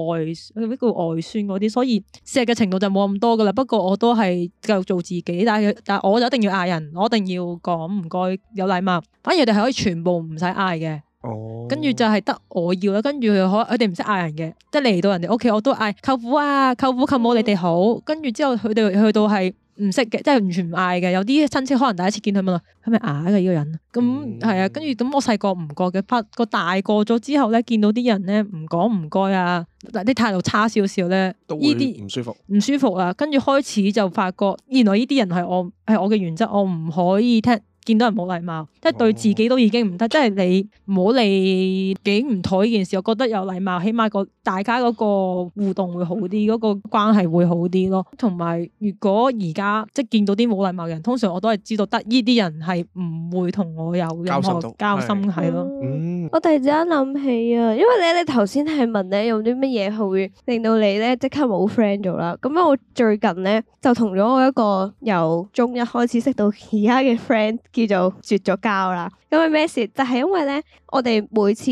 外，嗰啲叫外孫嗰啲，所以錫嘅程度就冇咁多噶啦。不過我都係繼續做自己，但係但係我就一定要嗌人，我一定要講唔該，有禮貌。反而佢哋係可以全部唔使嗌嘅，哦，跟住就係得我要啦。跟住佢佢哋唔識嗌人嘅，即係嚟到人哋屋企，我都嗌舅父啊，舅父舅母你哋好。跟住之後佢哋去到係。唔識嘅，即係完全唔嗌嘅。有啲親戚可能第一次見佢問，係咪啞嘅呢個人？咁係、嗯、啊，跟住咁我細個唔覺嘅，不過大個咗之後咧，見到啲人咧唔講唔該啊，嗱啲態度差少少咧，呢啲唔舒服，唔舒服啊！跟住開始就發覺，原來呢啲人係我係我嘅原則，我唔可以聽。見到人冇禮貌，哦、即係對自己都已經唔得。哦、即係你唔好理幾唔妥呢件事，我覺得有禮貌，起碼個大家嗰個互動會好啲，嗰、嗰個關係會好啲咯。同埋，如果而家即係見到啲冇禮貌嘅人，通常我都係知道得呢啲人係唔會同我有任何交心係咯。我突然之間諗起啊，因為咧，你頭先係問咧，用啲乜嘢去令到你咧即刻冇 friend 咗啦。咁咧，我最近咧就同咗我一個由中一開始識到而家嘅 friend。叫做絕咗交啦，因為咩事？就係、是、因為咧，我哋每次。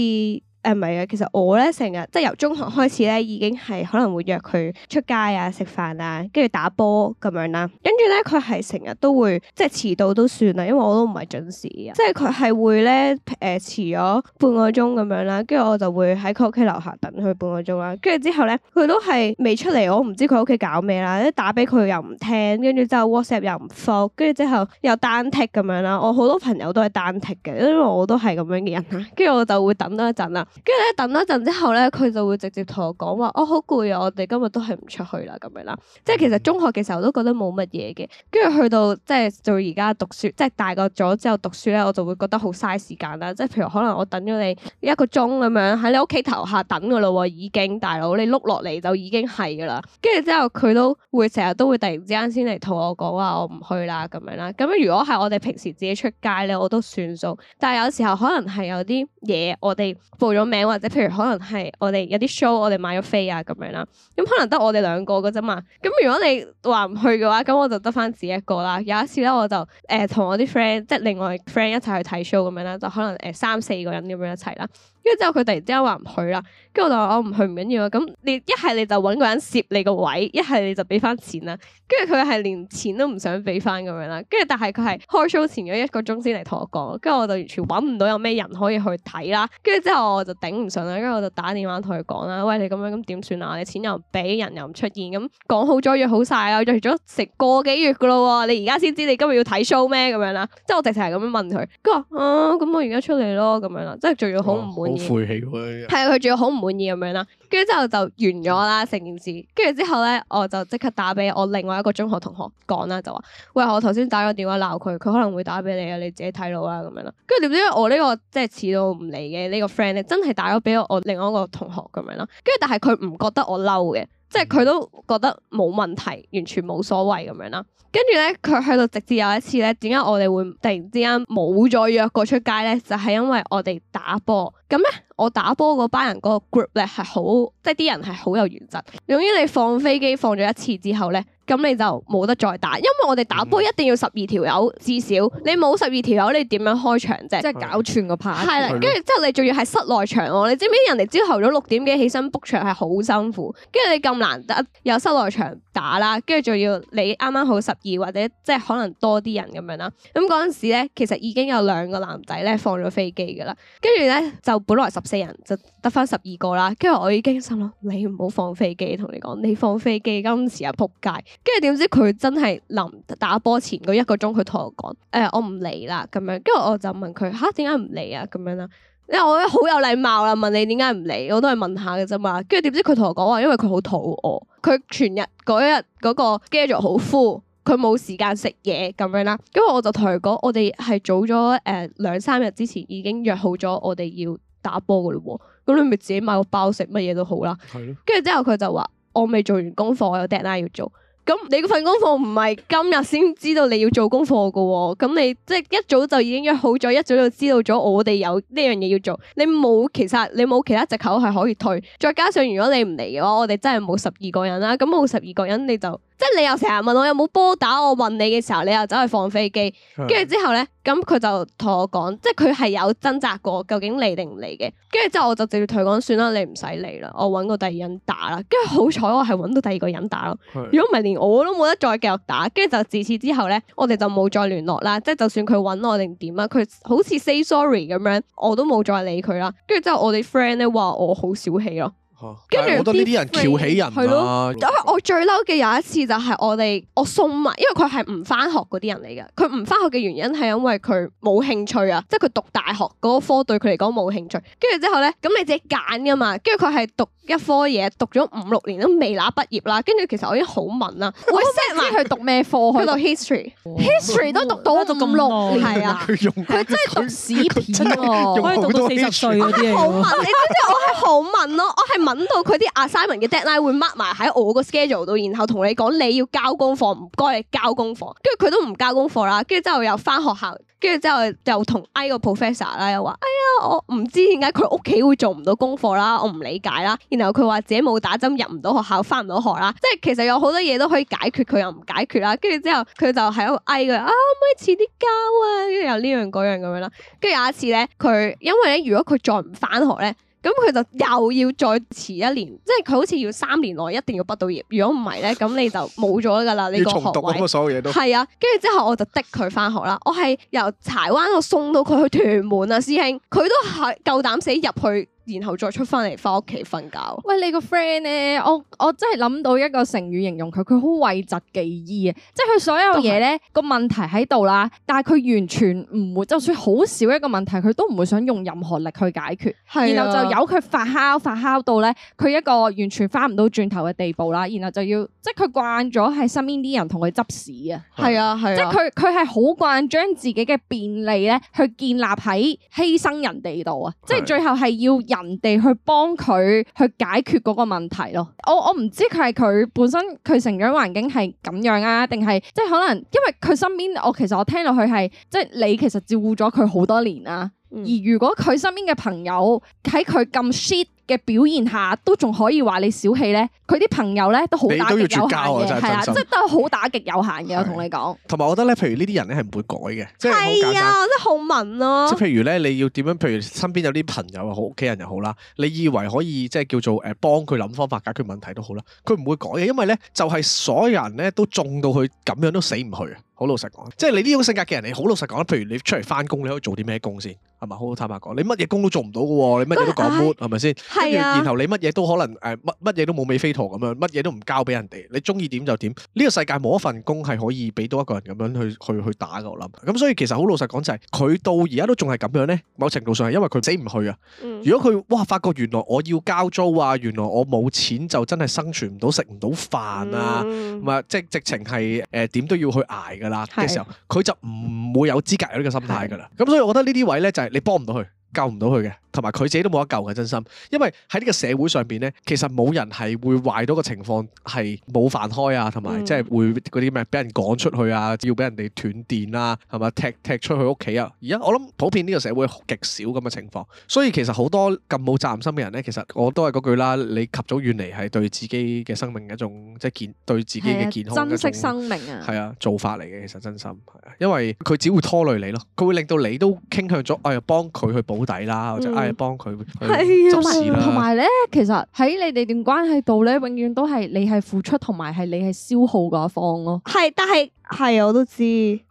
誒唔係啊，其實我咧成日即係由中學開始咧，已經係可能會約佢出街啊、食飯啊，跟住打波咁樣啦。跟住咧，佢係成日都會即係遲到都算啦，因為我都唔係準時啊。即係佢係會咧誒、呃、遲咗半個鐘咁樣啦，跟住我就會喺佢屋企樓下等佢半個鐘啦。跟住之後咧，佢都係未出嚟，我唔知佢屋企搞咩啦。一打俾佢又唔聽，跟住之後 WhatsApp 又唔覆，跟住之後又單剔咁樣啦。我好多朋友都係單剔嘅，因為我都係咁樣嘅人啦、啊。跟住我就會等多一陣啦。跟住咧，等一陣之後咧，佢就會直接同我講話、哦：我好攰啊！我哋今日都係唔出去啦咁樣啦。即係其實中學嘅時候都覺得冇乜嘢嘅。跟住去到即係到而家讀書，即係大個咗之後讀書咧，我就會覺得好嘥時間啦。即係譬如可能我等咗你一個鐘咁樣喺你屋企樓下等㗎咯喎，已經大佬你碌落嚟就已經係㗎啦。跟住之後佢都會成日都會突然之間先嚟同我講話，我唔去啦咁樣啦。咁如果係我哋平時自己出街咧，我都算數。但係有時候可能係有啲嘢我哋報咗。咗名或者譬如 show, 可能係我哋有啲 show 我哋買咗飛啊咁樣啦，咁可能得我哋兩個噶啫嘛。咁如果你話唔去嘅話，咁我就得翻自己一個啦。有一次咧，我就誒同、呃、我啲 friend 即係另外 friend 一齊去睇 show 咁樣啦，就可能誒三四個人咁樣一齊啦。跟住之後佢突然之間話唔去啦，跟住我就話我唔去唔緊要啊，咁你一係你就揾個人攝你個位，一係你就俾翻錢啦。跟住佢係連錢都唔想俾翻咁樣啦，跟住但係佢係開 show 前咗一個鐘先嚟同我講，跟住我就完全揾唔到有咩人可以去睇啦。跟住之後我就頂唔順啦，跟住我就打電話同佢講啦，喂你咁樣咁點算啊？你錢又唔俾，人又唔出現，咁講好咗約好晒啊，約咗成個幾月噶咯喎，你而家先知你今日要睇 show 咩咁樣啦？即係我直情係咁樣問佢，佢話啊咁我而家出嚟咯咁樣啦，即係仲要好唔滿意。晦氣，佢係啊，佢仲要好唔滿意咁樣啦，跟住之後就完咗啦成件事，跟住之後咧我就即刻打俾我另外一個中學同學講啦，就話喂，我頭先打咗電話鬧佢，佢可能會打俾你啊，你自己睇路啦咁樣啦。跟住點知我呢個即係遲到唔嚟嘅呢個 friend 咧，真係打咗俾我另外一個同學咁樣啦。跟住但係佢唔覺得我嬲嘅。即係佢都覺得冇問題，完全冇所謂咁樣啦。跟住咧，佢喺度直至有一次咧，點解我哋會突然之間冇再約過出街咧？就係因為我哋打波。咁咧，我打波嗰班人嗰個 group 咧係好，即係啲人係好有原則。由於你放飛機放咗一次之後咧。咁你就冇得再打，因為我哋打波一定要十二條友，至少你，你冇十二條友你點樣開場啫？即係搞串個牌。係啦，跟住之後你仲要係室內場喎，你知唔知人哋朝頭早六點幾起身 book 場係好辛苦？跟住你咁難得有室內場打啦，跟住仲要你啱啱好十二或者即係可能多啲人咁樣啦。咁嗰陣時咧，其實已經有兩個男仔咧放咗飛機㗎啦，跟住咧就本來十四人就得返十二個啦，跟住我已經心諗你唔好放飛機，同你講你放飛機今時啊仆街。跟住點知佢真係臨打波前嗰一個鐘，佢同我講：誒、呃，我唔嚟啦咁樣。跟住我就問佢吓？點解唔嚟啊？咁樣啦、呃，因為、那個那個、我覺得好有禮貌啦，問你點解唔嚟，我都係問下嘅啫嘛。跟住點知佢同我講話，因為佢好肚餓，佢全日嗰一日嗰個 schedule 好 full，佢冇時間食嘢咁樣啦。跟住我就同佢講：我哋係早咗誒兩三日之前已經約好咗，我哋要打波嘅咯喎。咁、嗯、你咪自己買個包食乜嘢都好啦。跟住之後佢就話：我未做完功課，我有 deadline 要做。咁你嗰份功課唔係今日先知道你要做功課嘅喎，咁你即係、就是、一早就已經約好咗，一早就知道咗我哋有呢樣嘢要做。你冇，其實你冇其他藉口係可以退，再加上如果你唔嚟嘅話，我哋真係冇十二個人啦。咁冇十二個人你就。即係你又成日問我有冇波打，我問你嘅時候，你又走去放飛機，跟住是的 之後咧，咁佢就同我講，即係佢係有掙扎過究竟嚟定唔嚟嘅。跟住之後我就直接同佢講算啦，你唔使嚟啦，我揾個第二人打啦，跟住好彩我係揾到第二個人打咯。如果唔係連我都冇得再繼續打，跟住就自此之後咧，我哋就冇再聯絡啦，即係就算佢揾我定點啊，佢好似 say sorry 咁樣，我都冇再理佢啦，跟住之後我哋 friend 咧話我好小氣咯。跟住，好多呢啲人翹起人啦。因為我最嬲嘅有一次就係我哋，我送埋，因為佢係唔翻學嗰啲人嚟嘅。佢唔翻學嘅原因係因為佢冇興趣啊，即係佢讀大學嗰科對佢嚟講冇興趣。跟住之後咧，咁你自己揀噶嘛。跟住佢係讀一科嘢，讀咗五六年都未拿畢業啦。跟住其實我已經好文啦，我唔知佢讀咩科，去到 history，history 都讀到五六年，係啊，佢真係讀史片喎，可以讀到四十歲嗰啲。好文，你知唔知我係好文咯？我係。搵到佢啲 assignment 嘅 deadline 會 mark 埋喺我個 schedule 度，然後同你講你要交功課，唔該你交功課，跟住佢都唔交功課啦，跟住之後又翻學校，跟住之後又同嗌個 professor 啦，又話哎呀，我唔知點解佢屋企會做唔到功課啦，我唔理解啦。然後佢話自己冇打針入唔到學校，翻唔到學啦。即係其實有好多嘢都可以解決，佢又唔解決啦。跟住之後佢就喺度嗌佢，啊，可唔可以遲啲交啊？跟住又呢樣嗰樣咁樣啦。跟住有一次咧，佢因為咧，如果佢再唔翻學咧，咁佢就又要再遲一年，即係佢好似要三年內一定要畢到業，如果唔係咧，咁你就冇咗噶啦，你個學位。要重讀咁啊，所有嘢都係啊。跟住之後我就的佢翻學啦，我係由柴灣我送到佢去屯門啊，師兄，佢都係夠膽死入去。然後再出翻嚟翻屋企瞓覺。喂，你個 friend 咧，我我真係諗到一個成語形容佢，佢好諱疾忌醫啊！即係佢所有嘢咧，個問題喺度啦，但係佢完全唔會，就算好少一個問題，佢都唔會想用任何力去解決。係啊、然後就由佢發酵，發酵到咧佢一個完全翻唔到轉頭嘅地步啦。然後就要，即係佢慣咗係身邊啲人同佢執屎啊，係啊。係啊，係啊，即係佢佢係好慣將自己嘅便利咧去建立喺犧牲人哋度啊！即係最後係要人。人哋去幫佢去解決嗰個問題咯，我我唔知佢係佢本身佢成長環境係咁樣啊，定係即係可能因為佢身邊，我其實我聽到佢係即係你其實照顧咗佢好多年啦，嗯、而如果佢身邊嘅朋友喺佢咁 shit。嘅表現下都仲可以話你小氣咧，佢啲朋友咧都好打極有限嘅，都要絕交啊，係啊，對真真即係都好打極有限嘅。對我同你講。同埋我覺得咧，譬如呢啲人咧係唔會改嘅，係啊，即係好簡單。真係好文咯。即係譬如咧，你要點樣？譬如身邊有啲朋友又好，屋企人又好啦，你以為可以即係叫做誒幫佢諗方法解決問題都好啦，佢唔會改嘅，因為咧就係所有人咧都中到佢咁樣都死唔去啊！好老實講，即係你呢種性格嘅人，你好老實講，譬如你出嚟翻工，你可以做啲咩工先？係咪？好好坦白講，你乜嘢工都做唔到㗎，你乜嘢都講 move，係咪先？係啊。跟住然後你乜嘢都可能誒，乜乜嘢都冇尾飛陀咁樣，乜嘢都唔交俾人哋，你中意點就點。呢個世界冇一份工係可以俾到一個人咁樣去去去打㗎，我諗。咁所以其實好老實講就係，佢到而家都仲係咁樣咧。某程度上係因為佢死唔去啊。嗯。如果佢哇發覺原來我要交租啊，原來我冇錢就真係生存唔到，食唔到飯啊，咁啊，即係直情係誒點都要去捱噶啦嘅時候，佢就唔會有資格有呢個心態噶啦。咁所以我覺得呢啲位咧就係。你幫唔到佢。救唔到佢嘅，同埋佢自己都冇得救嘅真心。因為喺呢個社會上邊咧，其實冇人係會壞到個情況係冇飯開啊，同埋即係會嗰啲咩俾人趕出去啊，要俾人哋斷電啊，係咪踢踢出去屋企啊。而家我諗普遍呢個社會極少咁嘅情況，所以其實好多咁冇責任心嘅人咧，其實我都係嗰句啦，你及早遠離係對自己嘅生命一種即係健對自己嘅健康珍惜生命啊，係啊做法嚟嘅。其實真心係啊，因為佢只會拖累你咯，佢會令到你都傾向咗哎呀幫佢去補。好抵啦，或者嗌幫佢執事啦。同埋咧，其實喺你哋段關係度咧，永遠都係你係付出，同埋係你係消耗嗰一方咯。係，但係。係啊，我都知。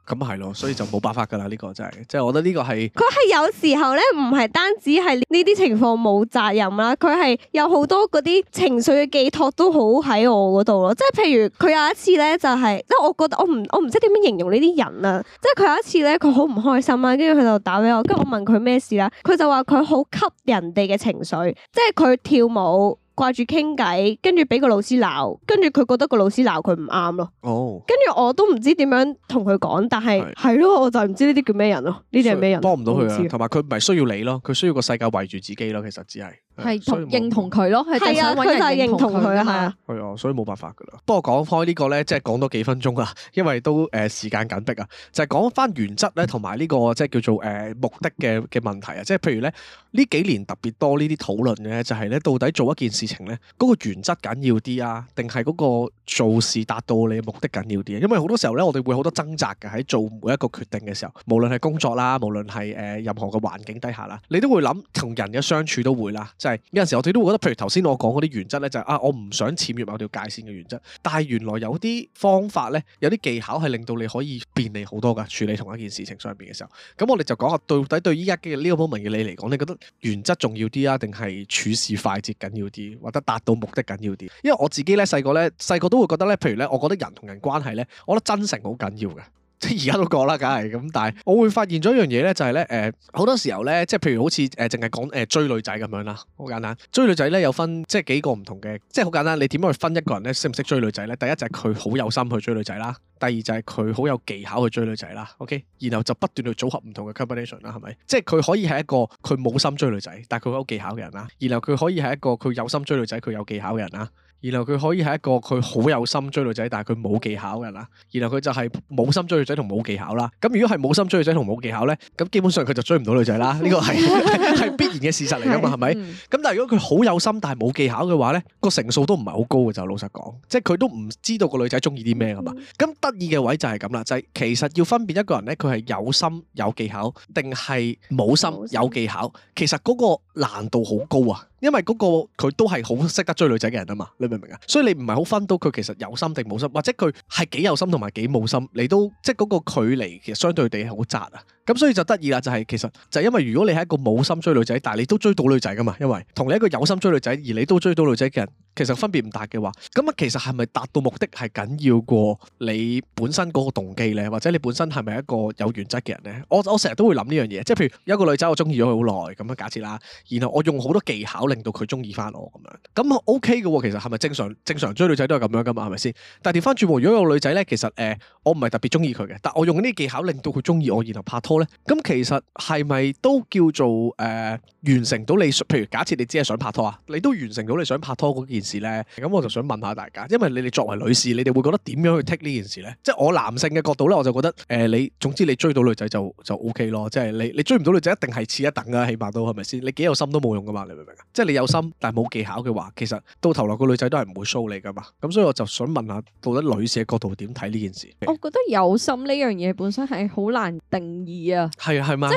咁係咯，所以就冇辦法噶啦，呢個真係，即係我覺得呢個係。佢係有時候咧，唔係單止係呢啲情況冇責任啦，佢係有好多嗰啲情緒嘅寄託都好喺我嗰度咯。即係譬如佢有一次咧，就係，即係我覺得我唔我唔知點樣形容呢啲人啊。即係佢有一次咧，佢好唔開心啊，跟住佢就打俾我，跟住我問佢咩事啦，佢就話佢好吸引人哋嘅情緒，即係佢跳舞。掛住傾偈，跟住俾個老師鬧，跟住佢覺得個老師鬧佢唔啱咯。哦，oh. 跟住我都唔知點樣同佢講，但係係咯，我就唔知呢啲叫咩人咯。呢啲係咩人？幫唔到佢啊，同埋佢唔係需要你咯，佢需要個世界圍住自己咯。其實只係。係認同佢咯，係啊，佢就認同佢啊，係啊，係啊，所以冇辦法噶啦。不過講開呢個咧，即係講多幾分鐘啊，因為都誒時間緊迫啊，就係講翻原則咧，同埋呢個即係叫做誒目的嘅嘅問題啊。即係譬如咧，呢幾年特別多呢啲討論嘅，就係咧到底做一件事情咧，嗰個原則緊要啲啊，定係嗰個做事達到你嘅目的緊要啲啊？因為好多時候咧，我哋會好多掙扎嘅喺做每一個決定嘅時候，無論係工作啦，無論係誒任何嘅環境底下啦，你都會諗，同人嘅相處都會啦。有陣時我哋都會覺得，譬如頭先我講嗰啲原則呢，就係，就啊我唔想僭越某條界線嘅原則。但係原來有啲方法呢，有啲技巧係令到你可以便利好多㗎，處理同一件事情上邊嘅時候。咁我哋就講下到底對依家嘅呢個 moment 嘅你嚟講，你覺得原則重要啲啊，定係處事快捷緊要啲，或者達到目的緊要啲？因為我自己呢，細個咧，細個都會覺得呢，譬如呢，我覺得人同人關係呢，我覺得真誠好緊要嘅。即而家都覺啦，梗係咁，但係我會發現咗一樣嘢咧，就係咧，誒，好多時候咧，即係譬如好似誒，淨係講誒追女仔咁樣啦，好簡單。追女仔咧有分即係幾個唔同嘅，即係好簡單。你點樣去分一個人咧識唔識追女仔咧？第一就係佢好有心去追女仔啦，第二就係佢好有技巧去追女仔啦。OK，然後就不斷去組合唔同嘅 combination 啦，係咪？即係佢可以係一個佢冇心追女仔，但係佢好有技巧嘅人啦。然後佢可以係一個佢有心追女仔，佢有技巧嘅人啦。然後佢可以係一個佢好有心追女仔，但係佢冇技巧嘅啦。然後佢就係冇心追女仔同冇技巧啦。咁如果係冇心追女仔同冇技巧呢，咁基本上佢就追唔到女仔啦。呢個係係必然嘅事實嚟㗎嘛，係咪？咁但係如果佢好有心但係冇技巧嘅話呢，個成數都唔係好高嘅，就老實講，即係佢都唔知道個女仔中意啲咩啊嘛。咁得意嘅位就係咁啦，就係其實要分辨一個人呢，佢係有心有技巧定係冇心有技巧，其實嗰個難度好高啊！因為嗰個佢都係好識得追女仔嘅人啊嘛，你明唔明啊？所以你唔係好分到佢其實有心定冇心，或者佢係幾有心同埋幾冇心，你都即係嗰個距離其實相對地係好窄啊。咁所以就得意啦，就係其實就因為如果你係一個冇心追女仔，但係你都追到女仔噶嘛，因為同你一個有心追女仔而你都追到女仔嘅人，其實分別唔大嘅話，咁啊其實係咪達到目的係緊要過你本身嗰個動機咧？或者你本身係咪一個有原則嘅人咧？我我成日都會諗呢樣嘢，即係譬如有一個女仔我中意咗佢好耐，咁樣假設啦，然後我用好多技巧令到佢中意翻我咁樣，咁 OK 噶，其實係咪正常？正常追女仔都係咁樣噶嘛，係咪先？但係調翻轉，如果有個女仔咧，其實誒我唔係特別中意佢嘅，但我用呢啲技巧令到佢中意我，然後拍拖。咁其實係咪都叫做誒、呃、完成到你？譬如假設你只係想拍拖啊，你都完成到你想拍拖嗰件事呢。咁我就想問下大家，因為你哋作為女士，你哋會覺得點樣去 take 呢件事呢？即係我男性嘅角度呢，我就覺得誒、呃，你總之你追到女仔就就 OK 咯。即係你你追唔到女仔，一定係次一等啊。起碼，都係咪先？你幾有心都冇用噶嘛，你明唔明啊？即係你有心，但係冇技巧嘅話，其實到頭來個女仔都係唔會 show 你噶嘛。咁所以我就想問下，到底女士嘅角度點睇呢件事？我覺得有心呢樣嘢本身係好難定義。係啊，係嘛？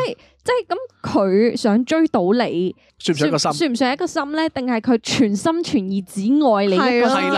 即係咁，佢想追到你，算唔算一個心？算唔算一個心咧？定係佢全心全意只愛你一個？係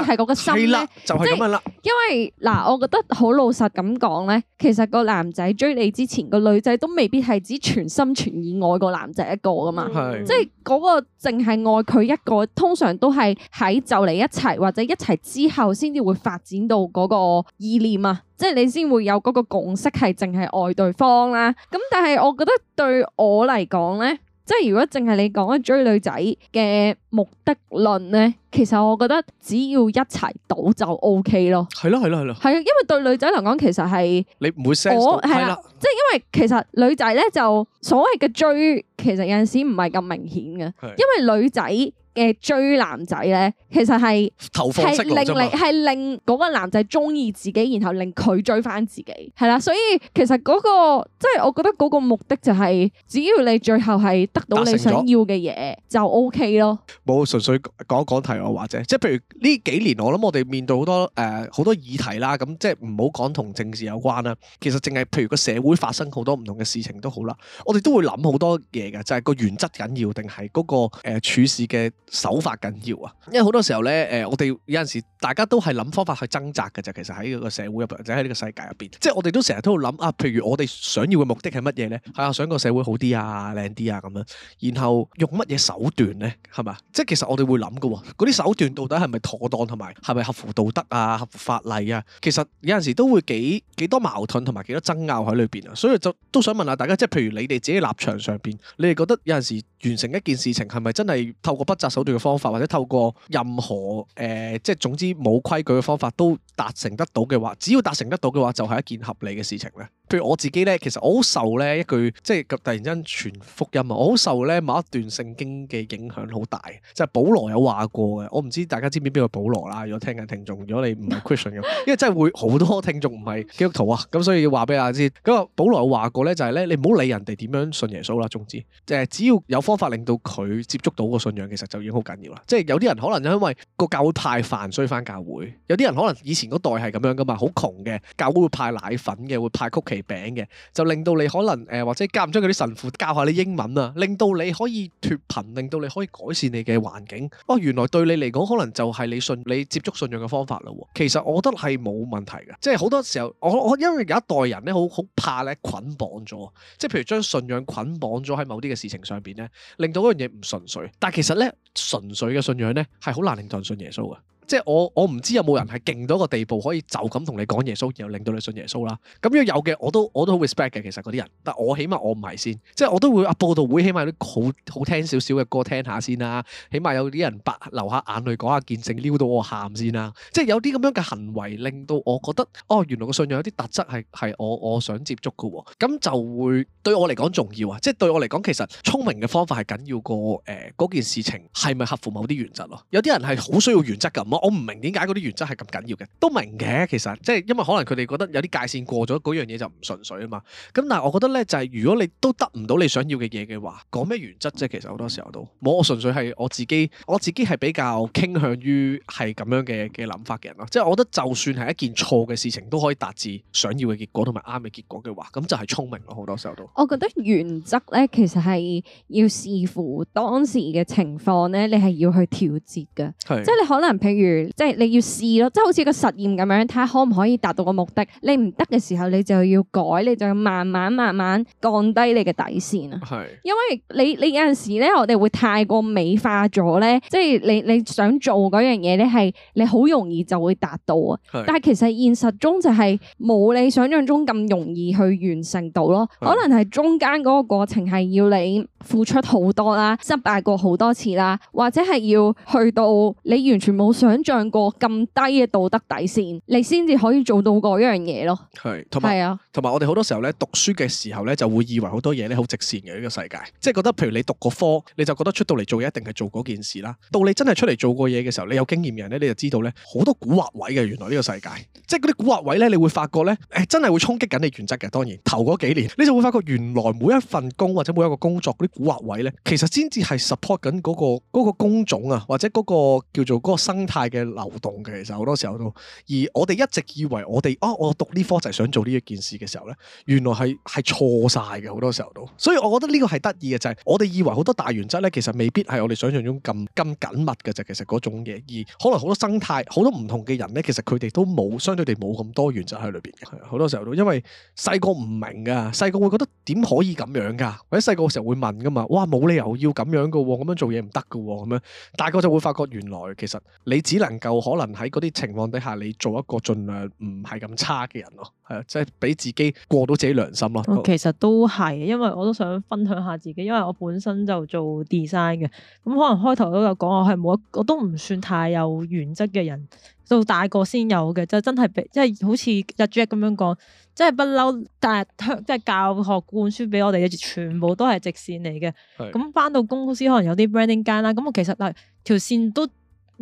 對啦 個心咧，就係咁樣啦。因為嗱，我覺得好老實咁講咧，其實個男仔追你之前，個女仔都未必係只全心全意愛個男仔一個噶嘛。即係嗰個淨係愛佢一個，通常都係喺就嚟一齊或者一齊之後，先至會發展到嗰個意念啊。即係你先會有嗰個共識，係淨係愛對方啦。咁但係我覺得對。我嚟講咧，即係如果淨係你講追女仔嘅目的論咧，其實我覺得只要一齊到就 OK 咯。係咯係咯係咯，係因為對女仔嚟講，其實係你唔會 send 係啦。的即係因為其實女仔咧就所謂嘅追，其實有陣時唔係咁明顯嘅，的因為女仔。嘅追男仔咧，其實係投放令你令係令嗰個男仔中意自己，然後令佢追翻自己，係啦。所以其實嗰、嗰個即係，我覺得嗰個目的就係、係，只要你最後係得到你想要嘅嘢，就 OK 咯。冇純粹講一講題外話啫，即係譬如呢幾年我諗我哋面對好多誒好多議題啦，咁即係唔好講同政治有關啦。其實淨係譬如個社會發生好多唔同嘅事情都好啦，我哋都會諗好多嘢嘅，就係個原則緊要定係嗰個誒處事嘅。手法緊要啊，因為好多時候呢，誒、呃，我哋有陣時大家都係諗方法去掙扎嘅啫。其實喺呢個社會入邊，或者喺呢個世界入邊，即係我哋都成日都諗啊。譬如我哋想要嘅目的係乜嘢呢？係啊，想個社會好啲啊、靚啲啊咁樣。然後用乜嘢手段呢？係嘛？即係其實我哋會諗嘅喎，嗰啲手段到底係咪妥當同埋係咪合乎道德啊、合乎法例啊？其實有陣時都會幾幾多矛盾同埋幾多爭拗喺裏邊啊。所以就都想問下大家，即係譬如你哋自己立場上邊，你哋覺得有陣時完成一件事情係咪真係透過不擇手方法，或者透過任何誒、呃，即係總之冇規矩嘅方法都達成得到嘅話，只要達成得到嘅話，就係一件合理嘅事情咧。譬如我自己咧，其實我好受咧一句，即係突然間傳福音啊！我好受咧某一段聖經嘅影響好大，就係保羅有話過嘅。我唔知大家知唔知邊個保羅啦？如果聽緊聽眾，如果你唔係 Christian 嘅，因為真係會好多聽眾唔係基督徒啊，咁所以要話俾大家知。嗰個保羅有話過咧，就係咧你唔好理人哋點樣信耶穌啦，總之誒只要有方法令到佢接觸到個信仰，其實就已經好緊要啦。即係有啲人可能因為個教會派飯所以翻教會，有啲人可能以前嗰代係咁樣噶嘛，好窮嘅，教會會派奶粉嘅，會派曲奇。餅嘅就令到你可能誒、呃、或者教唔出嗰啲神父教下你英文啊，令到你可以脫貧，令到你可以改善你嘅環境。哦，原來對你嚟講可能就係你信你接觸信仰嘅方法啦、哦。其實我覺得係冇問題嘅，即係好多時候我我因為有一代人咧好好怕咧捆綁咗，即係譬如將信仰捆綁咗喺某啲嘅事情上邊咧，令到嗰樣嘢唔純粹。但係其實咧純粹嘅信仰咧係好難令到人信耶穌嘅。即係我我唔知有冇人係勁到個地步可以就咁同你講耶穌，然後令到你信耶穌啦。咁如果有嘅，我都我都好 respect 嘅。其實嗰啲人，但我起碼我唔係先，即係我都會啊。佈道會起碼有啲好好聽少少嘅歌聽下先啦。起碼有啲人白流下眼淚講下見證，撩到我喊先啦。即係有啲咁樣嘅行為，令到我覺得哦，原來個信仰有啲特質係係我我想接觸噶、哦。咁就會對我嚟講重要啊。即係對我嚟講，其實聰明嘅方法係緊要過誒嗰、呃、件事情係咪合乎某啲原則咯？有啲人係好需要原則噶。我唔明點解嗰啲原則係咁緊要嘅，都明嘅其實，即係因為可能佢哋覺得有啲界線過咗，嗰樣嘢就唔純粹啊嘛。咁但係我覺得咧，就係如果你都得唔到你想要嘅嘢嘅話，講咩原則啫？其實好多時候都冇。我純粹係我自己，我自己係比較傾向於係咁樣嘅嘅諗法嘅人咯。即係我覺得，就算係一件錯嘅事情，都可以達至想要嘅結果同埋啱嘅結果嘅話，咁就係聰明咯。好多時候都我覺得原則咧，其實係要視乎當時嘅情況咧，你係要去調節嘅，即係你可能譬如。即係你要試咯，即係好似個實驗咁樣，睇下可唔可以達到個目的。你唔得嘅時候，你就要改，你就要慢慢慢慢降低你嘅底線啊。係是，因為你你有陣時咧，我哋會太過美化咗咧，即係你你想做嗰樣嘢咧，係你好容易就會達到啊。是但係其實現實中就係冇你想象中咁容易去完成到咯，可能係中間嗰個過程係要你。付出好多啦，失敗過好多次啦，或者係要去到你完全冇想象過咁低嘅道德底線，你先至可以做到嗰一樣嘢咯。係，同埋係啊。同埋我哋好多時候咧，讀書嘅時候咧，就會以為好多嘢咧好直線嘅呢個世界，即係覺得譬如你讀個科，你就覺得出到嚟做嘢一定係做嗰件事啦。到你真係出嚟做過嘢嘅時候，你有經驗嘅人咧，你就知道咧好多蠱惑位嘅原來呢個世界，即係嗰啲蠱惑位咧，你會發覺咧，誒、欸、真係會衝擊緊你原則嘅。當然頭嗰幾年，你就會發覺原來每一份工或者每一個工作嗰啲蠱惑位咧，其實先至係 support 緊嗰、嗰個嗰、嗰個工種啊，或者嗰個叫做嗰個生態嘅流動嘅。其實好多時候都，而我哋一直以為我哋哦、啊，我讀呢科就係想做呢一件事。嘅時候呢，原來係係錯晒嘅，好多時候都，所以我覺得呢個係得意嘅就係、是，我哋以為好多大原則呢，其實未必係我哋想象中咁咁緊密嘅就，其實嗰種嘢，而可能好多生態，好多唔同嘅人呢，其實佢哋都冇相對地冇咁多原則喺裏邊，好多時候都，因為細個唔明，噶，細個會覺得點可以咁樣噶，或者細個嘅時候會問噶嘛，哇，冇理由要咁樣噶，咁樣做嘢唔得噶，咁樣，大個就會發覺原來其實你只能夠可能喺嗰啲情況底下，你做一個盡量唔係咁差嘅人咯。即係俾自己過到自己良心咯。其實都係，因為我都想分享下自己，因為我本身就做 design 嘅。咁可能開頭都有講我係冇，我都唔算太有原則嘅人，到大個先有嘅，就真係俾即係好似阿 Jack 咁樣講，即係不嬲，但係即係教學灌輸俾我哋嘅全部都係直線嚟嘅。咁返是到公司，可能有啲 branding 間啦，咁我其實係條線都。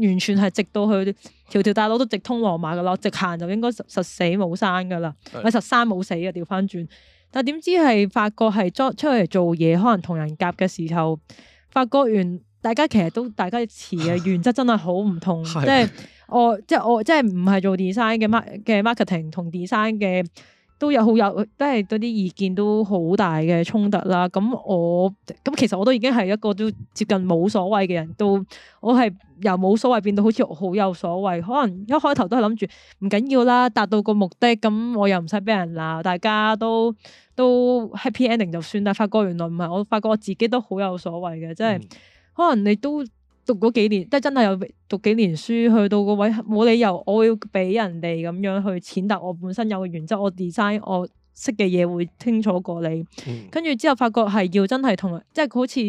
完全係直到佢條條大路都直通羅馬嘅咯，直行就應該實，實死冇生嘅啦，咪是的 實生冇死嘅調翻轉。但係點知係發覺係出出嚟做嘢，可能同人夾嘅時候，發覺原大家其實都大家嘅詞嘅原則真係好唔同， 是的 即係我即係我即係唔係做 design 嘅 mark 嘅 marketing 同 design 嘅。都有好有都係對啲意見都好大嘅衝突啦。咁我咁其實我都已經係一個都接近冇所謂嘅人，都我係由冇所謂變到好似好有所謂。可能一開頭都係諗住唔緊要啦，達到個目的咁，我又唔使俾人鬧，大家都都 happy ending 就算啦。發覺原來唔係，我發覺我自己都好有所謂嘅，即係可能你都。讀過幾年，即係真係有讀幾年書，去到嗰位冇理由，我要俾人哋咁樣去踐踏我本身有個原則。我 design 我識嘅嘢會清楚過你。嗯、跟住之後發覺係要真係同，即係好似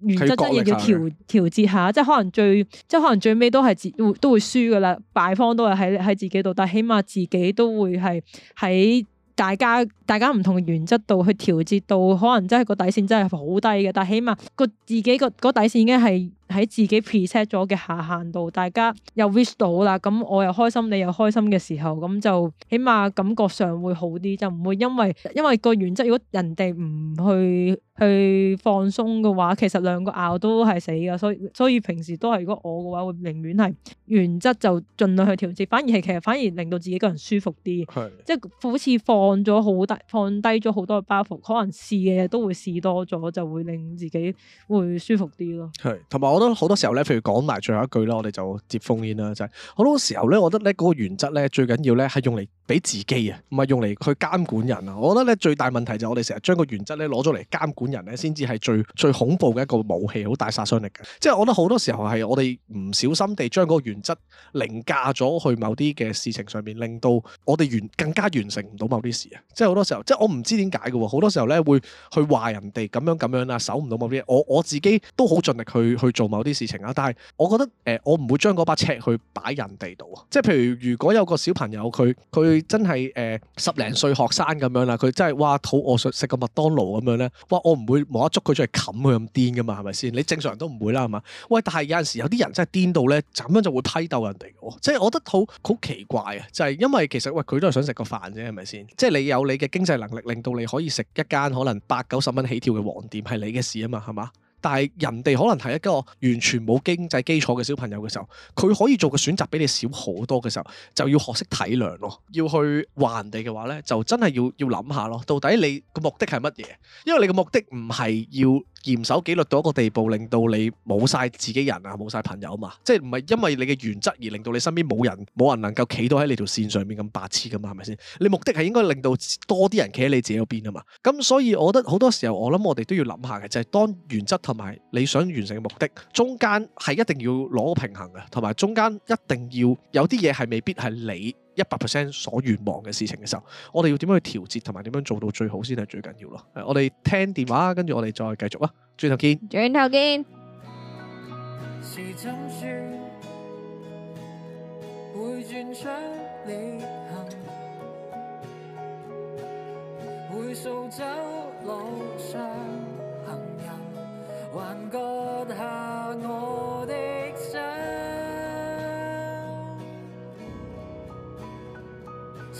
原則真係要調調，調節下，即係可能最，即係可能最尾都係自都會輸噶啦，敗方都係喺喺自己度，但係起碼自己都會係喺大家大家唔同嘅原則度去調節到，可能真係個底線真係好低嘅，但係起碼個自己、個嗰底線已經係。喺自己 pre set 咗嘅下限度，大家又 wish 到啦，咁我又開心，你又開心嘅時候，咁就起碼感覺上會好啲，就唔會因為因為個原則，如果人哋唔去去放鬆嘅話，其實兩個拗都係死嘅，所以所以平時都係如果我嘅話，我會寧願係原則就盡量去調節，反而係其實反而令到自己個人舒服啲，係是，即係好似放咗好大放低咗好多嘅包袱，可能試嘅嘢都會試多咗，就會令自己會舒服啲咯。係同埋我好多好多時候咧，譬如講埋最後一句啦，我哋就接風煙啦，就係好多時候咧，我覺得咧嗰個原則咧最緊要咧係用嚟。俾自己啊，唔係用嚟去監管人啊！我覺得咧最大問題就係我哋成日將個原則咧攞咗嚟監管人咧，先至係最最恐怖嘅一個武器，好大殺傷力嘅。即係我覺得好多時候係我哋唔小心地將嗰個原則凌駕咗去某啲嘅事情上面，令到我哋完更加完成唔到某啲事啊！即係好多時候，即係我唔知點解嘅喎，好多時候咧會去話人哋咁樣咁樣啊，守唔到某啲嘢。我我自己都好盡力去去做某啲事情啊，但係我覺得誒、呃，我唔會將嗰把尺去擺人哋度啊！即係譬如如果有個小朋友佢佢。真係誒、呃、十零歲學生咁樣啦，佢真係哇，肚餓想食個麥當勞咁樣咧，哇，我唔會無啦捉佢出嚟冚佢咁癲噶嘛，係咪先？你正常人都唔會啦，係嘛？喂，但係有陣時有啲人真係癲到咧，就咁樣就會批鬥人哋嘅，即係我覺得好好奇怪啊！就係因為其實喂，佢都係想食個飯啫，係咪先？即係你有你嘅經濟能力，令到你可以食一間可能八九十蚊起跳嘅黃店，係你嘅事啊嘛，係嘛？但係人哋可能係一個完全冇經濟基礎嘅小朋友嘅時候，佢可以做嘅選擇比你少好多嘅時候，就要學識體諒咯。要去還人話人哋嘅話呢，就真係要要諗下咯。到底你個目的係乜嘢？因為你嘅目的唔係要。嚴守紀律到一個地步，令到你冇晒自己人啊，冇晒朋友嘛，即係唔係因為你嘅原則而令到你身邊冇人，冇人能夠企到喺你條線上面咁白痴噶嘛，係咪先？你目的係應該令到多啲人企喺你自己嗰邊啊嘛，咁所以我覺得好多時候，我諗我哋都要諗下嘅，就係當原則同埋你想完成嘅目的中間係一定要攞平衡嘅，同埋中間一定要有啲嘢係未必係你。一百 percent 所願望嘅事情嘅時候，我哋要點樣去調節同埋點樣做到最好先係最緊要咯。誒，我哋聽電話，跟住我哋再繼續啦。轉頭見，轉頭見。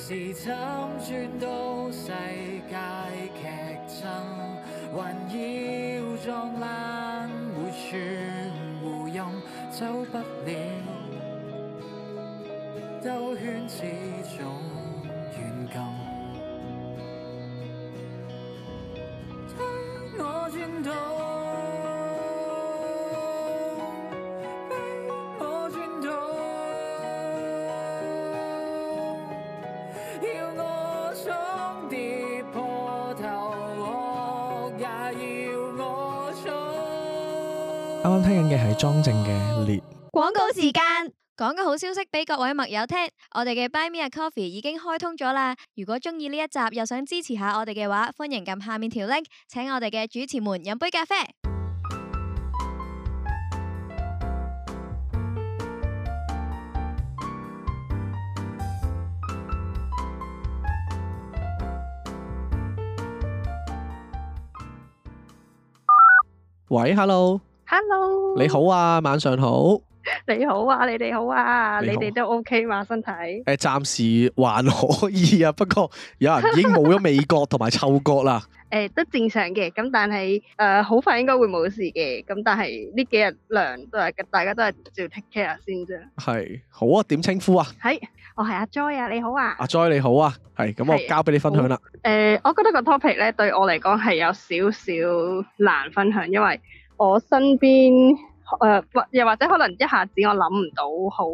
時針轉到世界劇震，還要撞爛每寸護蔭，走不了，兜圈子啱啱聽緊嘅係莊正嘅列。廣告時間，講個好消息俾各位麥友聽。我哋嘅 Buy Me a Coffee 已經開通咗啦。如果中意呢一集又想支持下我哋嘅話，歡迎撳下面條 link，請我哋嘅主持們飲杯咖啡。喂，Hello。hello，你好啊，晚上好。你好啊，你哋好啊，你哋、啊、都 OK 嘛，身體？誒、呃，暫時還可以啊，不過有人已經冇咗味覺同埋嗅覺啦。誒、 呃，都正常嘅，咁但係誒好快應該會冇事嘅，咁但係呢幾日涼都係，大家都係照 take care 先啫。係，好啊，點稱呼啊？係，我係阿 Joy 啊，你好啊。阿 Joy 你好啊，係，咁我交俾你分享啦。誒、呃，我覺得個 topic 咧對我嚟講係有少少難分享，因為。我身邊誒或又或者可能一下子我諗唔到好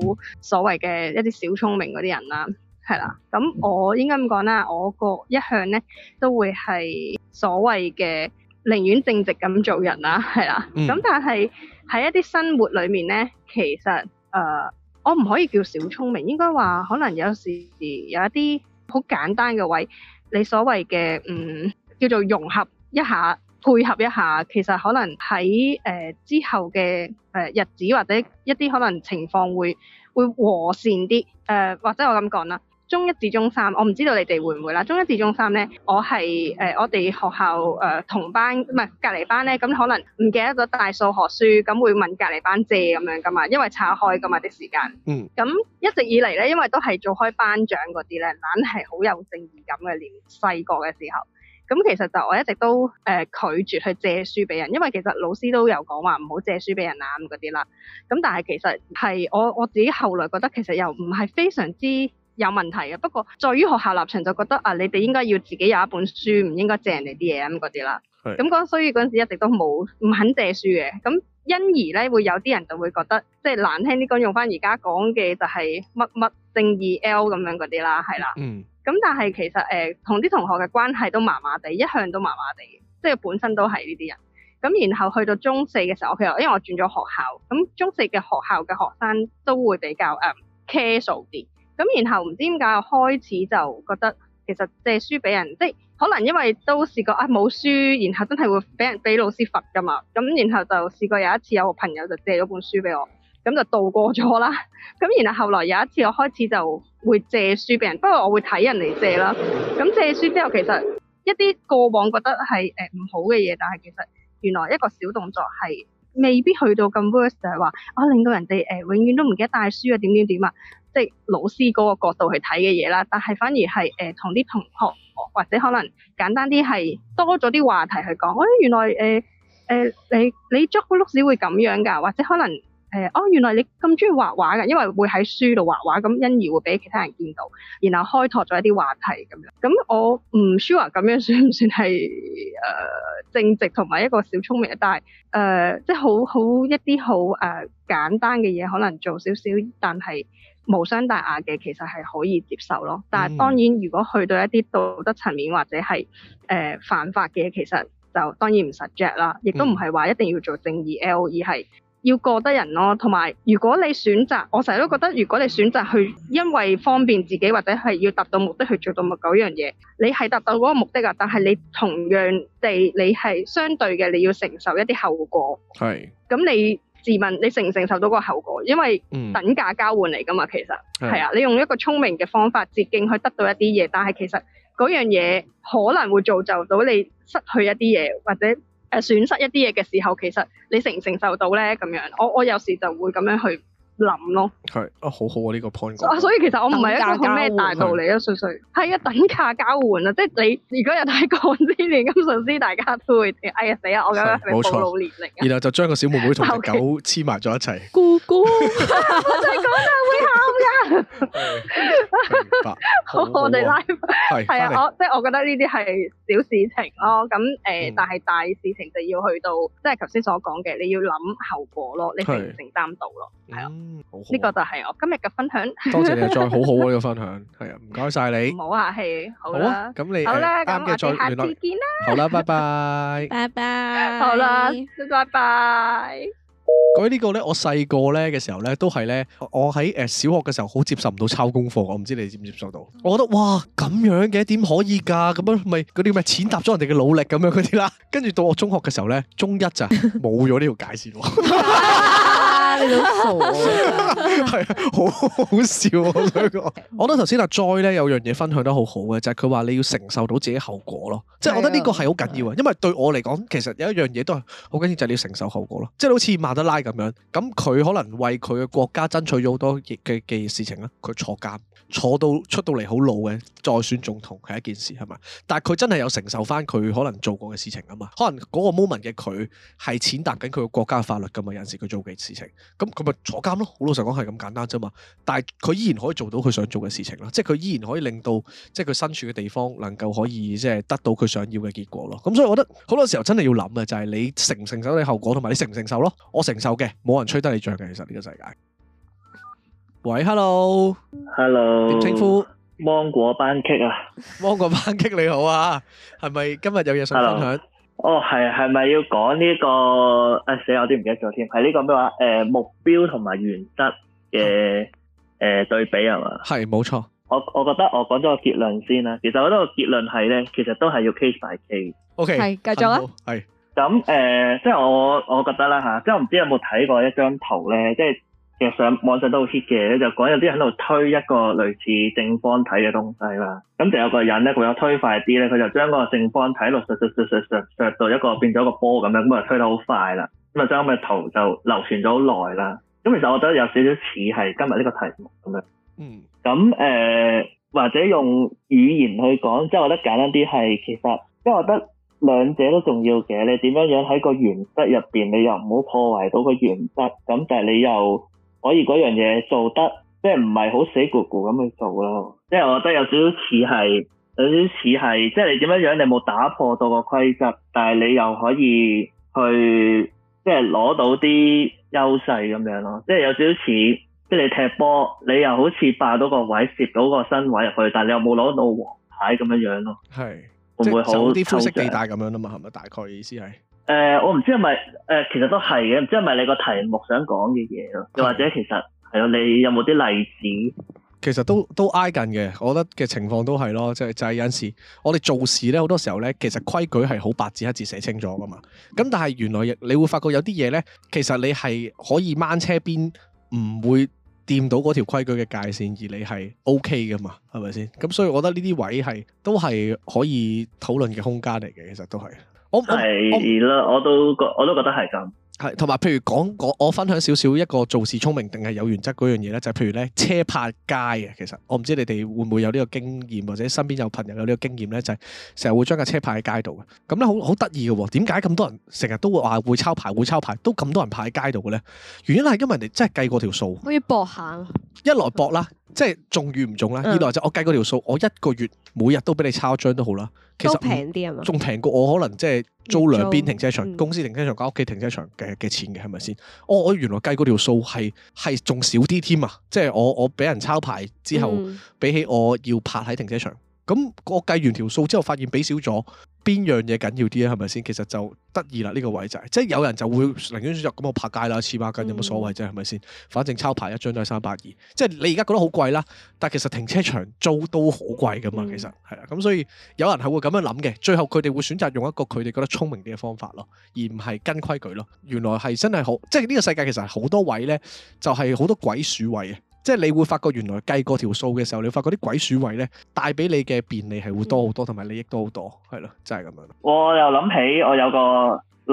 所謂嘅一啲小聰明嗰啲人啦，係啦。咁我應該咁講啦，我個一向咧都會係所謂嘅寧願正直咁做人啦，係啦。咁但係喺一啲生活裏面咧，其實誒、呃、我唔可以叫小聰明，應該話可能有時有一啲好簡單嘅位，你所謂嘅嗯叫做融合一下。配合一下，其實可能喺誒、呃、之後嘅誒、呃、日子或者一啲可能情況會會和善啲，誒、呃、或者我咁講啦，中一至中三，我唔知道你哋會唔會啦，中一至中三咧，我係誒、呃、我哋學校誒、呃、同班唔係，呃、隔離班咧，咁可能唔記得咗帶數學書，咁會問隔離班借咁樣噶嘛，因為拆開噶嘛啲時間，嗯，咁一直以嚟咧，因為都係做開班長嗰啲咧，懶係好有正義感嘅，年細個嘅時候。咁其實就我一直都誒、呃、拒絕去借書俾人，因為其實老師都有講話唔好借書俾人啊嗰啲啦。咁但係其實係我我自己後來覺得其實又唔係非常之有問題嘅，不過在於學校立場就覺得啊，你哋應該要自己有一本書，唔應該借人哋啲嘢咁嗰啲啦。咁是所以嗰陣時一直都冇唔肯借書嘅，咁因而咧會有啲人就會覺得即係難聽啲講，用翻而家講嘅就係乜乜正義 L 咁樣嗰啲啦，係啦。嗯。咁但係其實誒同啲同學嘅關係都麻麻地，一向都麻麻地，即係本身都係呢啲人。咁然後去到中四嘅時候，我其實因為我轉咗學校，咁中四嘅學校嘅學生都會比較誒、um, casual 啲。咁然後唔知點解我開始就覺得其實借書俾人，即係可能因為都試過啊冇書，然後真係會俾人俾老師罰㗎嘛。咁然後就試過有一次有個朋友就借咗本書俾我。咁就渡過咗啦。咁 然後後來有一次，我開始就會借書俾人，不過我會睇人嚟借啦。咁借書之後，其實一啲過往覺得係誒唔好嘅嘢，但係其實原來一個小動作係未必去到咁 worse 就係話啊，令到人哋誒、呃、永遠都唔記得帶書啊，點點點啊，即係老師嗰個角度去睇嘅嘢啦。但係反而係誒同啲同學或者可能簡單啲係多咗啲話題去講。誒、哎、原來誒誒、呃呃呃、你你，你捉個碌子會咁樣㗎，或者可能。誒哦，原來你咁中意畫畫嘅，因為會喺書度畫畫，咁因而會俾其他人見到，然後開拓咗一啲話題咁樣。咁我唔 sure 咁樣算唔算係誒、呃、正直同埋一個小聰明？但係誒、呃、即係好好一啲好誒、呃、簡單嘅嘢，可能做少少，但係無傷大雅嘅，其實係可以接受咯。但係當然，嗯、如果去到一啲道德層面或者係誒、呃、犯法嘅嘢，其實就當然唔 suggest 啦。亦都唔係話一定要做正義 l e 係。要過得人咯，同埋如果你選擇，我成日都覺得，如果你選擇去因為方便自己或者係要達到目的去做到某樣嘢，你係達到嗰個目的啊，但係你同樣地，你係相對嘅，你要承受一啲後果。係是。咁你自問，你承唔承受到個後果？因為等價交換嚟㗎嘛，其實係、嗯、啊，你用一個聰明嘅方法捷徑去得到一啲嘢，但係其實嗰樣嘢可能會造就到你失去一啲嘢，或者。誒損失一啲嘢嘅時候，其實你承唔承受到咧？咁樣，我我有時就會咁樣去。諗咯，係啊，好好啊，呢個 point 啊，所以其實我唔係一個咩大道理啊，純粹係啊，等價交換啊，即係你如果有睇港之年咁上司，大家都會哎呀死啊，我而家係咪好老年嚟嘅？然後就將個小妹妹同隻狗黐埋咗一齊，姑姑，我哋講真會喊噶，好，我哋 live 係啊，我即係我覺得呢啲係小事情咯，咁誒，但係大事情就要去到，即係頭先所講嘅，你要諗後果咯，你承唔承擔到咯，係啊。呢個就係我今日嘅分享，多謝你再好好嘅呢個分享，係啊，唔該晒你，唔好下氣，好啦，咁你，好啦，咁我哋下次見啦，好啦，拜拜，拜拜，好啦，再拜拜。關於呢個咧，我細個咧嘅時候咧，都係咧，我喺誒小學嘅時候好接受唔到抄功課，我唔知你接唔接受到。我覺得哇咁樣嘅點可以噶？咁樣咪嗰啲咪踐踏咗人哋嘅努力咁樣嗰啲啦。跟住到我中學嘅時候咧，中一就冇咗呢條界線。 你都傻，係啊，好好笑啊！呢個，我諗頭先阿 Joy 咧有樣嘢分享得好好嘅，就係佢話你要承受到自己後果咯。即係我覺得呢個係好緊要啊，因為對我嚟講，其實有一樣嘢都係好緊要，就係你要承受後果咯。即係好似馬德拉咁樣，咁佢可能為佢嘅國家爭取咗好多嘅嘅事情咧，佢坐監。坐到出到嚟好老嘅再選總統係一件事係咪？但係佢真係有承受翻佢可能做過嘅事情啊嘛，可能嗰個 moment 嘅佢係踐踏緊佢個國家法律噶嘛，有陣時佢做嘅事情，咁佢咪坐監咯，好老實講係咁簡單啫嘛，但係佢依然可以做到佢想做嘅事情啦，即係佢依然可以令到即係佢身處嘅地方能夠可以即係得到佢想要嘅結果咯，咁所以我覺得好多時候真係要諗嘅就係你承唔承受你後果同埋你承唔承受咯，我承受嘅冇人吹得你脹嘅，其實呢個世界。喂，Hello，Hello，點稱呼？芒果班戟啊， 芒果班戟你好啊，係咪今日有嘢想分享？Hello, 哦，係，係咪要講呢、這個？誒、哎，死我啲唔記得咗添，係呢個咩話？誒、呃，目標同埋原則嘅誒對比係嘛？係，冇錯。我我覺得我講咗個結論先啦。其實我覺得個結論係咧，其實都係要 case by c O K，係，繼 Okay, 續啊。係、嗯，咁、嗯、誒、呃，即係我我覺得啦吓，即係我唔知有冇睇過一張圖咧，即係。其實上網上都好 hit 嘅，就講有啲人喺度推一個類似正方體嘅東西啦。咁就有個人咧，佢有推快啲咧，佢就將個正方體落削削削削削削到一個變咗個波咁樣，咁啊推得好快啦。咁啊將咁嘅圖就流傳咗好耐啦。咁其實我覺得有少少似係今日呢個題目咁樣。嗯。咁誒、呃，或者用語言去講，即係我覺得簡單啲係，其實，即係我覺得兩者都重要嘅。你點樣樣喺個原則入邊，你又唔好破壞到個原則，咁但係你又。可以嗰樣嘢做得，即係唔係好死咕咕咁去做咯？即係我覺得有少少似係，有少少似係，即係你點樣樣，你冇打破到個規則，但係你又可以去，即係攞到啲優勢咁樣咯。即係有少少似，即係你踢波，你又好似霸到個位，攝到個身位入去，但係你又冇攞到王牌咁樣樣咯。係是，會唔不會好有啲灰色地帶咁樣啊嘛？係咪？大概意思係。誒、呃，我唔知係咪誒，其實都係嘅，唔知係咪你個題目想講嘅嘢咯，又或者其實係咯，你有冇啲例子？其實都都挨近嘅，我覺得嘅情況都係咯，即係就係、是就是、有陣時我哋做事咧，好多時候咧，其實規矩係好八字一字寫清楚噶嘛，咁但係原來你會發覺有啲嘢咧，其實你係可以掹車邊唔會掂到嗰條規矩嘅界線，而你係 O K 噶嘛，係咪先？咁所以我覺得呢啲位係都係可以討論嘅空間嚟嘅，其實都係。係啦，我都覺我都覺得係咁。係同埋，譬如講，我分享少少一個做事聰明定係有原則嗰樣嘢咧，就係、是、譬如咧車泊街啊。其實我唔知你哋會唔會有呢個經驗，或者身邊有朋友有呢個經驗咧，就係成日會將架車泊喺街度嘅。咁咧好好得意嘅，點解咁多人成日都會話會抄牌會抄牌，都咁多人派喺街度嘅咧？原因係因為人哋真係計過條數。可以搏下。一來搏啦。即係中與唔中啦，嗯、二來就我計嗰條數，我一個月每日都俾你抄一張都好啦，其實仲平啲啊嘛，仲平過我可能即係租兩邊停車場、嗯、公司停車場、家屋企停車場嘅嘅錢嘅係咪先？哦，我原來計嗰條數係係仲少啲添啊！即係我我俾人抄牌之後，嗯、比起我要泊喺停車場。咁我計完條數之後，發現畀少咗，邊樣嘢緊要啲啊？係咪先？其實就得意啦，呢、呢個位就係、是，即係有人就會寧願選擇咁我拍街啦，黐孖筋，有乜所謂啫？係咪先？嗯、反正抄牌一張都係三百二，即係你而家覺得好貴啦，但其實停車場租都好貴噶嘛，嗯、其實係啊。咁所以有人係會咁樣諗嘅，最後佢哋會選擇用一個佢哋覺得聰明啲嘅方法咯，而唔係跟規矩咯。原來係真係好，即係呢個世界其實係好多位呢，就係好多鬼鼠位嘅。即係你會發覺原來計嗰條數嘅時候，你會發覺啲鬼鼠位咧帶俾你嘅便利係會多好多，同埋、嗯、利益都好多，係咯，真係咁樣。我又諗起我有個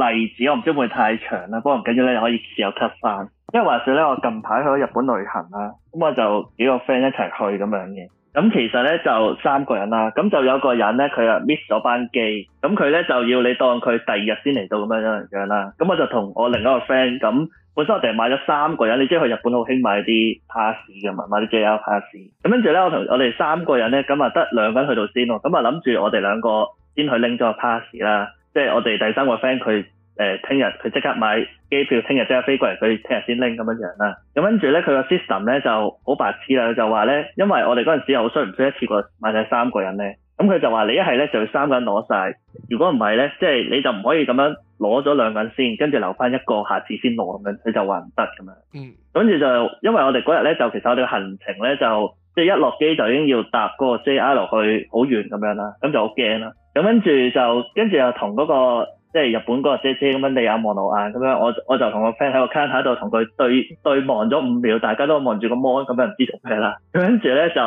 例子，我唔知會唔會太長啦，不過唔緊要咧，你可以自由 cut 翻。因為話説咧，我近排去咗日本旅行啦，咁我就幾個 friend 一齊去咁樣嘅。咁其實咧就三個人啦，咁就有個人咧佢啊 miss 咗班機，咁佢咧就要你當佢第二日先嚟到咁樣樣啦。咁我就同我另一個 friend 咁。本身我哋買咗三個人，你知去日本好興買啲 pass 㗎嘛，買啲 JR pass。咁跟住咧，我同我哋三個人咧，咁啊得兩個人去到先喎，咁啊諗住我哋兩個先去拎咗個 pass 啦。即係我哋第三個 friend 佢誒聽日佢即刻買機票，聽日即刻飛過嚟，佢聽日先拎咁樣樣啦。咁跟住咧佢個 system 咧就好白痴啦，就話咧因為我哋嗰陣時又好衰唔衰一次過買晒三個人咧。咁佢就話你一係咧就要三個人攞晒。如果唔係咧，即係你就唔可以咁樣攞咗兩個人先，跟住留翻一個下次先攞咁樣，佢就話唔得咁樣。嗯。跟住就因為我哋嗰日咧就其實我哋個行程咧就即係一落機就已經要搭嗰個 JR 去好遠咁樣啦，咁就好驚啦。咁跟住就跟住又同嗰個即係日本嗰個姐姐咁樣你有望對眼咁樣，我我就同我 friend 喺個 card 喺度同佢對、嗯、對望咗五秒，大家都望住個 mon 咁樣唔知做咩啦。咁跟住咧就。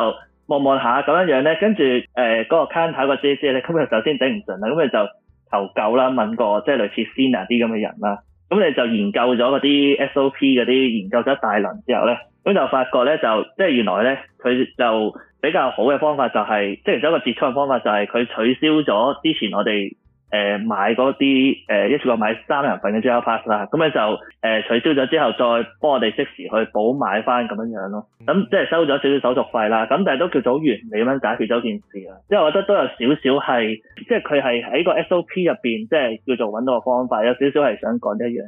望望下咁樣樣咧，跟住誒嗰個 counter 個 J J 咧，今日首先頂唔順啦，咁你就求救啦，問過即係類似 senior 啲咁嘅人啦，咁你就研究咗嗰啲 SOP，嗰啲研究咗大輪之後咧，咁就發覺咧就即係原來咧佢就比較好嘅方法就係、是，即係其中一個折衷嘅方法就係、是、佢取消咗之前我哋。誒、呃、買嗰啲誒，一次過買三人份嘅 JR Pass 啦、啊，咁、嗯、咧就誒、呃、取消咗之後，再幫我哋即時去補買翻咁樣樣咯。咁、嗯嗯嗯、即係收咗少少手續費啦，咁但係都叫做完美咁樣解決咗件事啦。即係我覺得都有少少係，即係佢係喺個 S O P 入邊，即係叫做搵到個方法，有少少係想講呢一樣。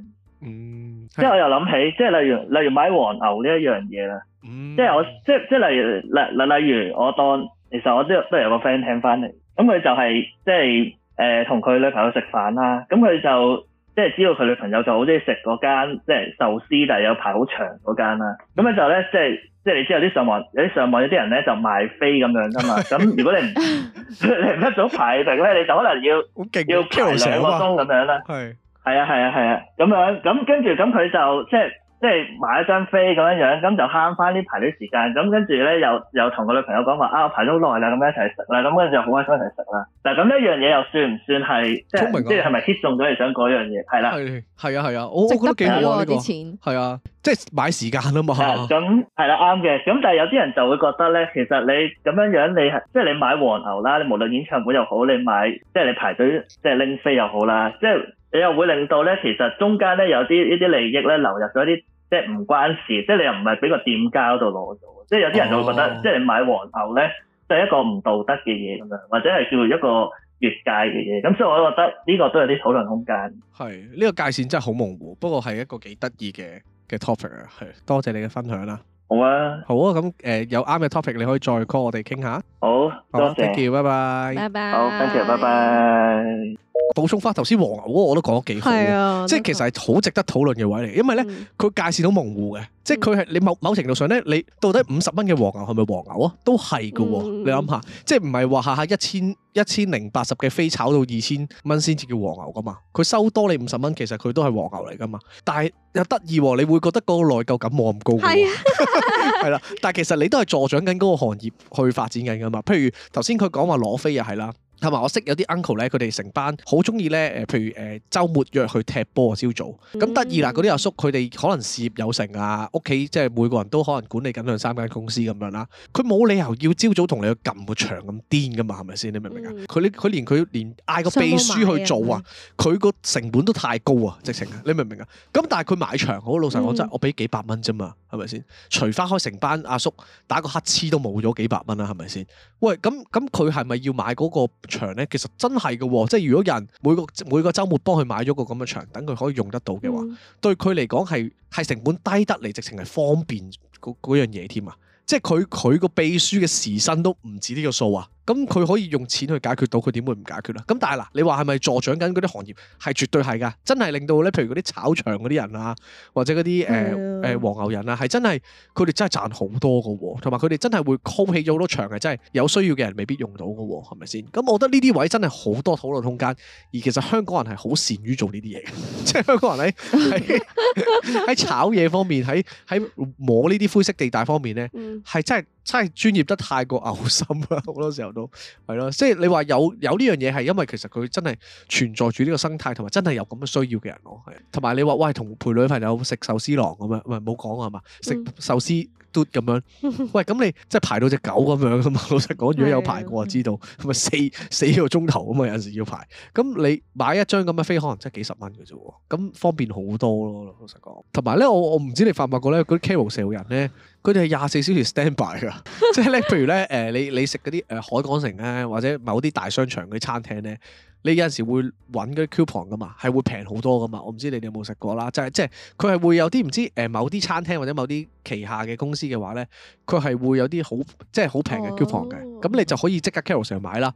嗯，即係我又諗起，即係例如例如買黃牛呢一樣嘢啦。即係我即即例如例例如我當其實我都都有個 friend 聽翻嚟，咁佢就係、是、即係。即誒同佢女朋友食飯啦，咁佢就即係知道佢女朋友就好中意食嗰間即係壽司，但係有排好長嗰間啦。咁咧就咧，即係即係你知有啲上網有啲上網有啲人咧就買飛咁樣㗎嘛。咁如果你唔 你唔一早排定咧，你就可能要好勁要排兩個鐘咁樣啦。係係啊係啊係啊，咁樣咁跟住咁佢就即係。即係買一張飛咁樣樣，咁就慳翻啲排隊時間。咁跟住咧，又又同個女朋友講話啊，我排咗好耐啦，咁樣一齊食啦。咁跟住就好開心一齊食啦。嗱，咁一樣嘢又算唔算係、啊、即係即係係咪 hit 中咗你想嗰樣嘢？係啦，係係啊係啊，我覺得幾好啊呢個錢。係啊，即係買時間啊嘛。咁係啦，啱嘅。咁但係有啲人就會覺得咧，其實你咁樣樣你係即係你買黃牛啦，你無論演唱會又好，你買即係你排隊即係拎飛又好啦，即係。即你又會令到咧，其實中間咧有啲一啲利益咧流入咗啲，即係唔關事，即係你又唔係俾個店家嗰度攞咗，即係有啲人就會覺得即係買黃牛咧，係一個唔道德嘅嘢咁樣，或者係叫做一個越界嘅嘢。咁所以我覺得呢個都有啲討論空間。係，呢個界線真係好模糊，不過係一個幾得意嘅嘅 topic 啊！係，多謝你嘅分享啦。好啊，好啊，咁誒有啱嘅 topic 你可以再 call 我哋傾下。好，多謝你，拜拜。拜拜。好，thank you，拜拜。補充翻頭先黃牛，我都講得幾好，啊、即係其實係好值得討論嘅位嚟。因為咧，佢界、嗯、線好模糊嘅，即係佢係你某某程度上咧，你到底五十蚊嘅黃牛係咪黃牛啊？都係嘅喎，嗯、你諗下，即係唔係話下下一千一千零八十嘅飛炒到二千蚊先至叫黃牛噶嘛？佢收多你五十蚊，其實佢都係黃牛嚟噶嘛。但係又得意、哦，你會覺得嗰個內疚感冇咁高嘅，係啦。但係其實你都係助長緊嗰個行業去發展緊噶嘛。譬如頭先佢講話攞飛又係啦。同埋我識有啲 uncle 咧，佢哋成班好中意咧，誒、呃，譬如誒、呃、週末約去踢波朝早咁得意啦！嗰啲阿叔佢哋可能事業有成啊，屋企即係每個人都可能管理緊兩三間公司咁樣啦、啊，佢冇理由要朝早同你去撳個場咁癲噶嘛，係咪先？你明唔明啊？佢佢、嗯、連佢連嗌個秘書去做啊，佢個成本都太高啊，直情啊！你明唔明啊？咁但係佢買場，好老實講真，係我俾幾百蚊啫嘛，係咪先？除翻開成班阿叔，叔打個乞嗤都冇咗幾百蚊啦、啊，係咪先？喂，咁咁佢係咪要買嗰、那個？場咧，其實真係嘅，即係如果人每個每個周末幫佢買咗個咁嘅場，等佢可以用得到嘅話，嗯、對佢嚟講係係成本低得嚟，直情係方便嗰嗰樣嘢添啊！即係佢佢個秘書嘅時薪都唔止呢個數啊！咁佢可以用錢去解決到，佢點會唔解決啦？咁但係嗱，你話係咪助長緊嗰啲行業？係絕對係噶，真係令到咧，譬如嗰啲炒場嗰啲人啊，或者嗰啲誒誒黃牛人啊，係真係佢哋真係賺好多噶喎，同埋佢哋真係會扣起咗好多場嘅，真係有需要嘅人未必用到噶喎，係咪先？咁我覺得呢啲位真係好多討論空間，而其實香港人係好善於做呢啲嘢，嘅， 即係香港人喺喺 炒嘢方面，喺喺摸呢啲灰色地帶方面咧，係真係。 真係專業得太過嘔心啦！好多時候都係咯，即係你話有有呢樣嘢係因為其實佢真係存在住呢個生態，同埋真係有咁嘅需要嘅人咯，係。同埋你話喂，同陪女朋友食壽司郎咁樣，唔係冇講係嘛？食壽司都咁 樣，喂咁你即係排到隻狗咁樣㗎嘛！老實講，如果有排過，我知道，咪 四四個鐘頭啊嘛，有時要排。咁你買一張咁嘅飛，可能即係幾十蚊嘅啫喎，咁方便好多咯。老實講，同埋咧，我我唔知你有有發唔發覺咧，嗰啲 c a r 人咧。佢哋係廿四小時 standby 噶， 即係咧，譬如咧，誒、呃，你你食嗰啲誒海港城咧、啊，或者某啲大商場嗰啲餐廳咧。你有陣時會揾嗰啲 coupon 噶嘛，係會平好多噶嘛。我唔知你哋有冇食過啦，就係即係佢係會有啲唔知誒某啲餐廳或者某啲旗下嘅公司嘅話咧，佢係會有啲好即係好平嘅 coupon 嘅。咁你就可以即刻 carry 成日買啦。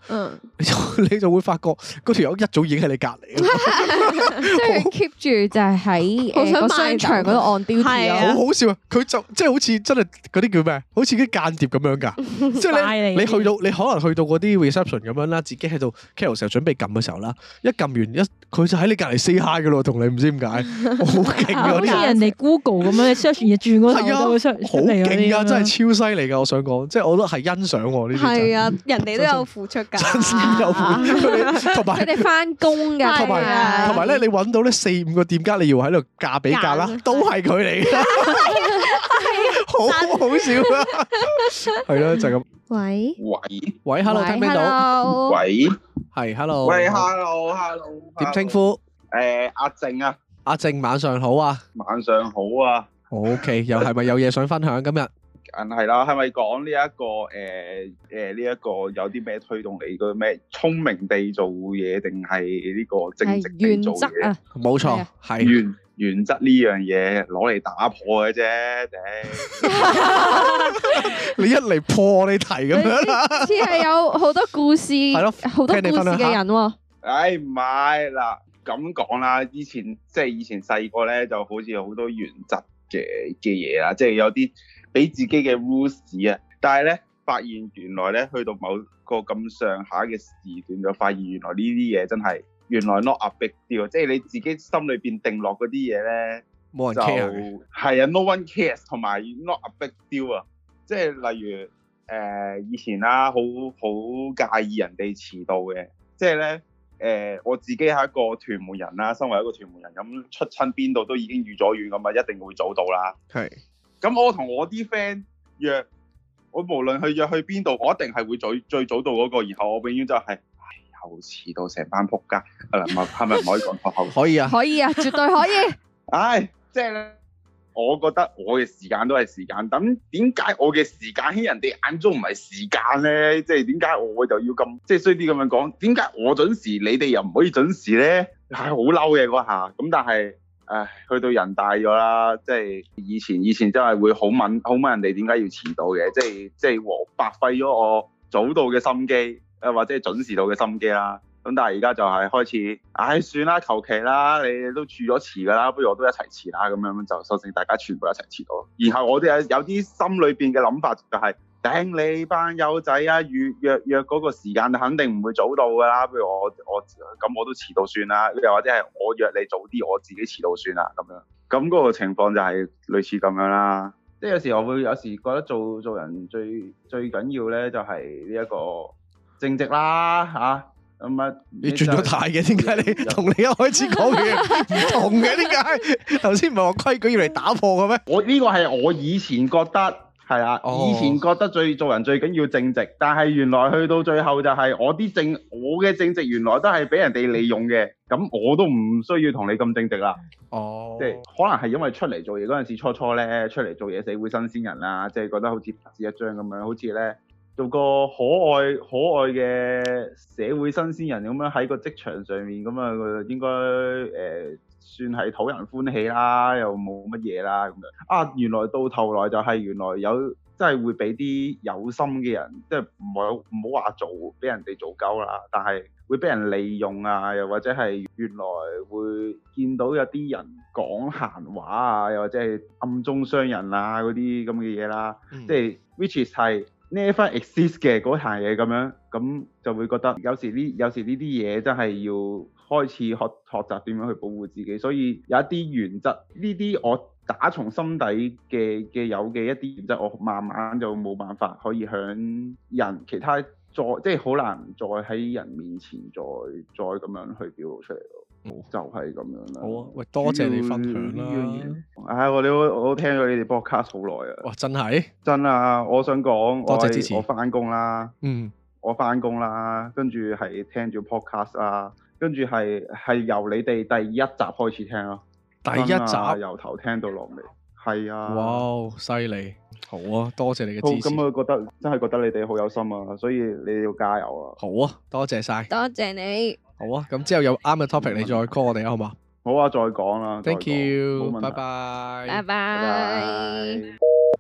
你就會發覺嗰條友一早已經喺你隔離，即係 keep 住就係喺我想商場嗰度按標誌，好好笑啊！佢就即係好似真係嗰啲叫咩？好似啲間諜咁樣㗎，即係你你去到你可能去到嗰啲 reception 咁樣啦，自己喺度 carry 成日準備撳。時候啦，一撳完一，佢就喺你隔籬 say hi 嘅咯，同你唔知點解，好勁啊！好似人哋 Google 咁樣 search 完就轉嗰度去 search，好勁啊！真係超犀利噶，我想講，即係我都係欣賞喎呢啲。係啊，人哋都有付出噶，真心有付出。佢哋同埋佢哋翻工噶，同埋同埋咧，你揾到咧四五個店家，你要喺度價比價啦，都係佢嚟。係啊，好好笑啊，係咯，就咁。喂喂喂，hello，聽唔聽到？喂，係喂 hello，喂，喂，喂 hello hello，點稱呼？誒、欸，阿靜啊，阿靜晚上好啊，晚上好啊，OK，又係咪有嘢想分享？ 今日天，梗係啦，係咪講呢一個誒誒呢一個有啲咩推動你？個咩聰明地做嘢，定係呢個正直地做嘢？原則啊，冇錯，係。原則呢樣嘢攞嚟打破嘅啫，。 你一嚟破你題咁樣啦，似係有好多故事，係囉，好多故事嘅人喎。唉，唔係嗱咁講啦，以前即係、就是、以前細個咧，就好似好多原則嘅嘅嘢啦，即係有啲俾自己嘅 rules 啊，但係咧發現原來咧去到某個咁上下嘅時段，就發現原來呢啲嘢真係。原來 not a big deal，即係你自己心裏邊定落嗰啲嘢咧，冇人 care 就係啊，no one cares，同埋 not a big deal 啊，即係例如誒、呃、以前啦、啊，好好介意人哋遲到嘅，即係咧誒我自己係一個屯門人啦，身為一個屯門人咁、嗯、出親邊度都已經預咗預咁啊，一定會早到啦。係是。咁我同我啲 friend 約，我無論去約去邊度，我一定係會最最早到嗰、那個，然後我永遠就係、是。後遲到成班撲街，係咪唔可以講學校？可以啊，可以啊，絕對可以。唉、 哎，即、就、係、是、我覺得我嘅時間都係時間，咁點解我嘅時間喺人哋眼中唔係時間咧？即係點解我就要咁即係衰啲咁樣講？點解我準時，你哋又唔可以準時咧？係好嬲嘅嗰下。咁但係唉，去到人大咗啦，即、就、係、是、以前以前真係會好問好問人哋點解要遲到嘅，即係即係和白費咗我早到嘅心機。誒或者係準時到嘅心機啦，咁但係而家就係開始，唉、哎、算啦，求其啦，你都住咗遲噶啦，不如我都一齊遲啦，咁樣就索性大家全部一齊遲到。然後我啲有啲心裏邊嘅諗法就係、是、頂你班友仔啊，約約約嗰個時間肯定唔會早到噶啦，不如我我咁我都遲到算啦，又或者係我約你早啲，我自己遲到算啦咁樣，咁嗰個情況就係類似咁樣啦。即係有時我會有時覺得做做人最最緊要咧，就係呢一個。正直啦嚇，咁啊、嗯就是、你轉咗態嘅，點解你同、嗯、你一開始講嘢唔同嘅？點解頭先唔係話規矩要嚟打破嘅咩？我呢、呢個係我以前覺得係啊，以前覺得最做人最緊要正直，但係原來去到最後就係我啲正，我嘅正直原來都係俾人哋利用嘅，咁我都唔需要同你咁正直啦。哦，即係可能係因為出嚟做嘢嗰陣時初初咧，出嚟做嘢社會新鮮人啦、啊，即、就、係、是、覺得好似白紙一張咁樣，好似咧。做個可愛可愛嘅社會新鮮人咁樣，喺個職場上面咁啊，樣應該誒、呃、算係討人歡喜啦，又冇乜嘢啦咁樣啊。原來到頭來就係原來有即係會俾啲有心嘅人，即係唔好唔好話做俾人哋做鳩啦，但係會俾人利用啊，又或者係原來會見到有啲人講閒話啊，又或者係暗中傷人啊嗰啲咁嘅嘢啦，嗯、即係 which is 係。呢一翻 exist 嘅嗰下嘢咁樣，咁就會覺得有時呢有時呢啲嘢真係要開始學學習點樣去保護自己，所以有一啲原則呢啲我打從心底嘅嘅有嘅一啲原則我慢慢就冇辦法可以響人其他再即係好難再喺人面前再再咁樣去表露出嚟咯。嗯、就係咁樣啦。好啊，喂，多謝你分享呢樣嘢。哎，我都我都聽咗你哋播 cast 好耐啊。哇，真係真啊！我想講，多謝支持。我翻工啦，嗯，我翻工啦，跟住係聽住 podcast 啦，跟住係係由你哋第一集開始聽啊，第一集由頭聽到落尾。係啊。哇，犀利。好啊，多謝你嘅支持。咁我覺得真係覺得你哋好有心啊，所以你要加油啊。好啊，多謝晒，多謝你。好啊，咁之後有啱嘅 topic 你再 call 我哋啊，好嘛？好啊，再講啦，thank you，說拜拜，拜拜。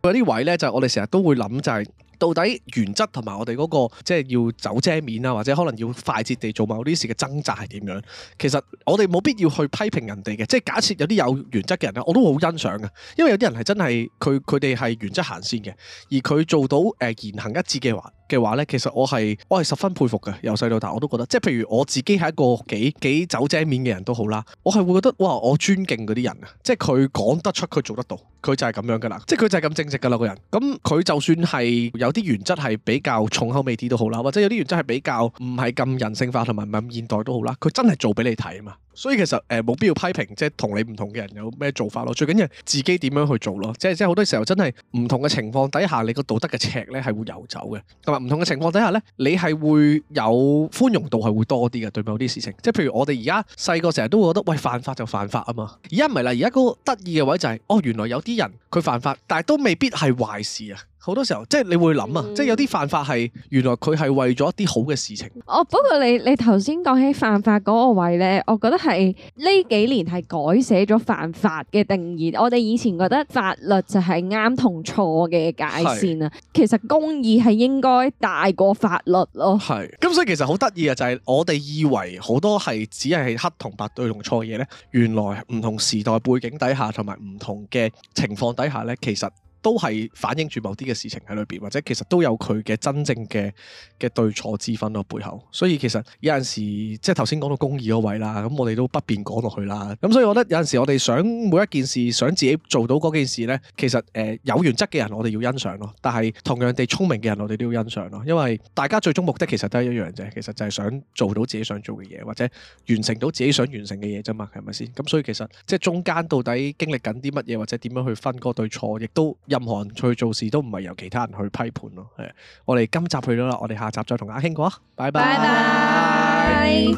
嗱，呢位咧就係我哋成日都會諗，就係到底原則同埋我哋嗰、嗰個，即係要走遮面啊，或者可能要快捷地做某啲事嘅掙扎係點樣？其實我哋冇必要去批評人哋嘅，即係假設有啲有原則嘅人咧，我都好欣賞嘅，因為有啲人係真係佢佢哋係原則行先嘅，而佢做到誒言行一致嘅話。嘅話呢，其實我係我係十分佩服嘅，由細到大我都覺得，即係譬如我自己係一個幾幾走精面嘅人都好啦，我係會覺得哇，我尊敬嗰啲人啊，即係佢講得出，佢做得到，佢就係咁樣噶啦，即係佢就係咁正直噶啦個人。咁佢就算係有啲原則係比較重口味啲都好啦，或者有啲原則係比較唔係咁人性化同埋唔係咁現代都好啦，佢真係做俾你睇啊嘛～所以其實誒冇必要批評，即係同你唔同嘅人有咩做法咯。最緊要係自己點樣去做咯。即係即係好多時候真係唔同嘅情況底下，你個道德嘅尺咧係會游走嘅，同埋唔同嘅情況底下咧，你係會有寬容度係會多啲嘅對某啲事情。即係譬如我哋而家細個成日都會覺得，喂，犯法就犯法啊嘛。而家唔係啦，而家嗰個得意嘅位就係，哦，原來有啲人佢犯法，但係都未必係壞事啊。好多時候，即係你會諗啊，嗯、即係有啲犯法係原來佢係為咗一啲好嘅事情。哦，不過你你頭先講起犯法嗰個位呢，我覺得係呢幾年係改寫咗犯法嘅定義。我哋以前覺得法律就係啱同錯嘅界線啊，係，其實公義係應該大過法律咯。係。咁所以其實好得意啊，就係我哋以為好多係只係黑同白、對同錯嘢呢，原來唔同時代背景底下同埋唔同嘅情況底下呢，其實。都係反映住某啲嘅事情喺裏邊，或者其實都有佢嘅真正嘅嘅對錯之分喺背後。所以其實有陣時，即係頭先講到公義嗰位啦，咁我哋都不便講落去啦。咁所以我覺得有陣時，我哋想每一件事，想自己做到嗰件事呢，其實誒、呃、有原則嘅人，我哋要欣賞咯。但係同樣地聰明嘅人，我哋都要欣賞咯，因為大家最終目的其實都係一樣啫。其實就係想做到自己想做嘅嘢，或者完成到自己想完成嘅嘢啫嘛，係咪先？咁所以其實即係中間到底經歷緊啲乜嘢，或者點樣去分個對錯，亦都。任何人去做事都唔係由其他人去批判咯。係，我哋今集去到啦，我哋下集再同阿興講啊。拜拜。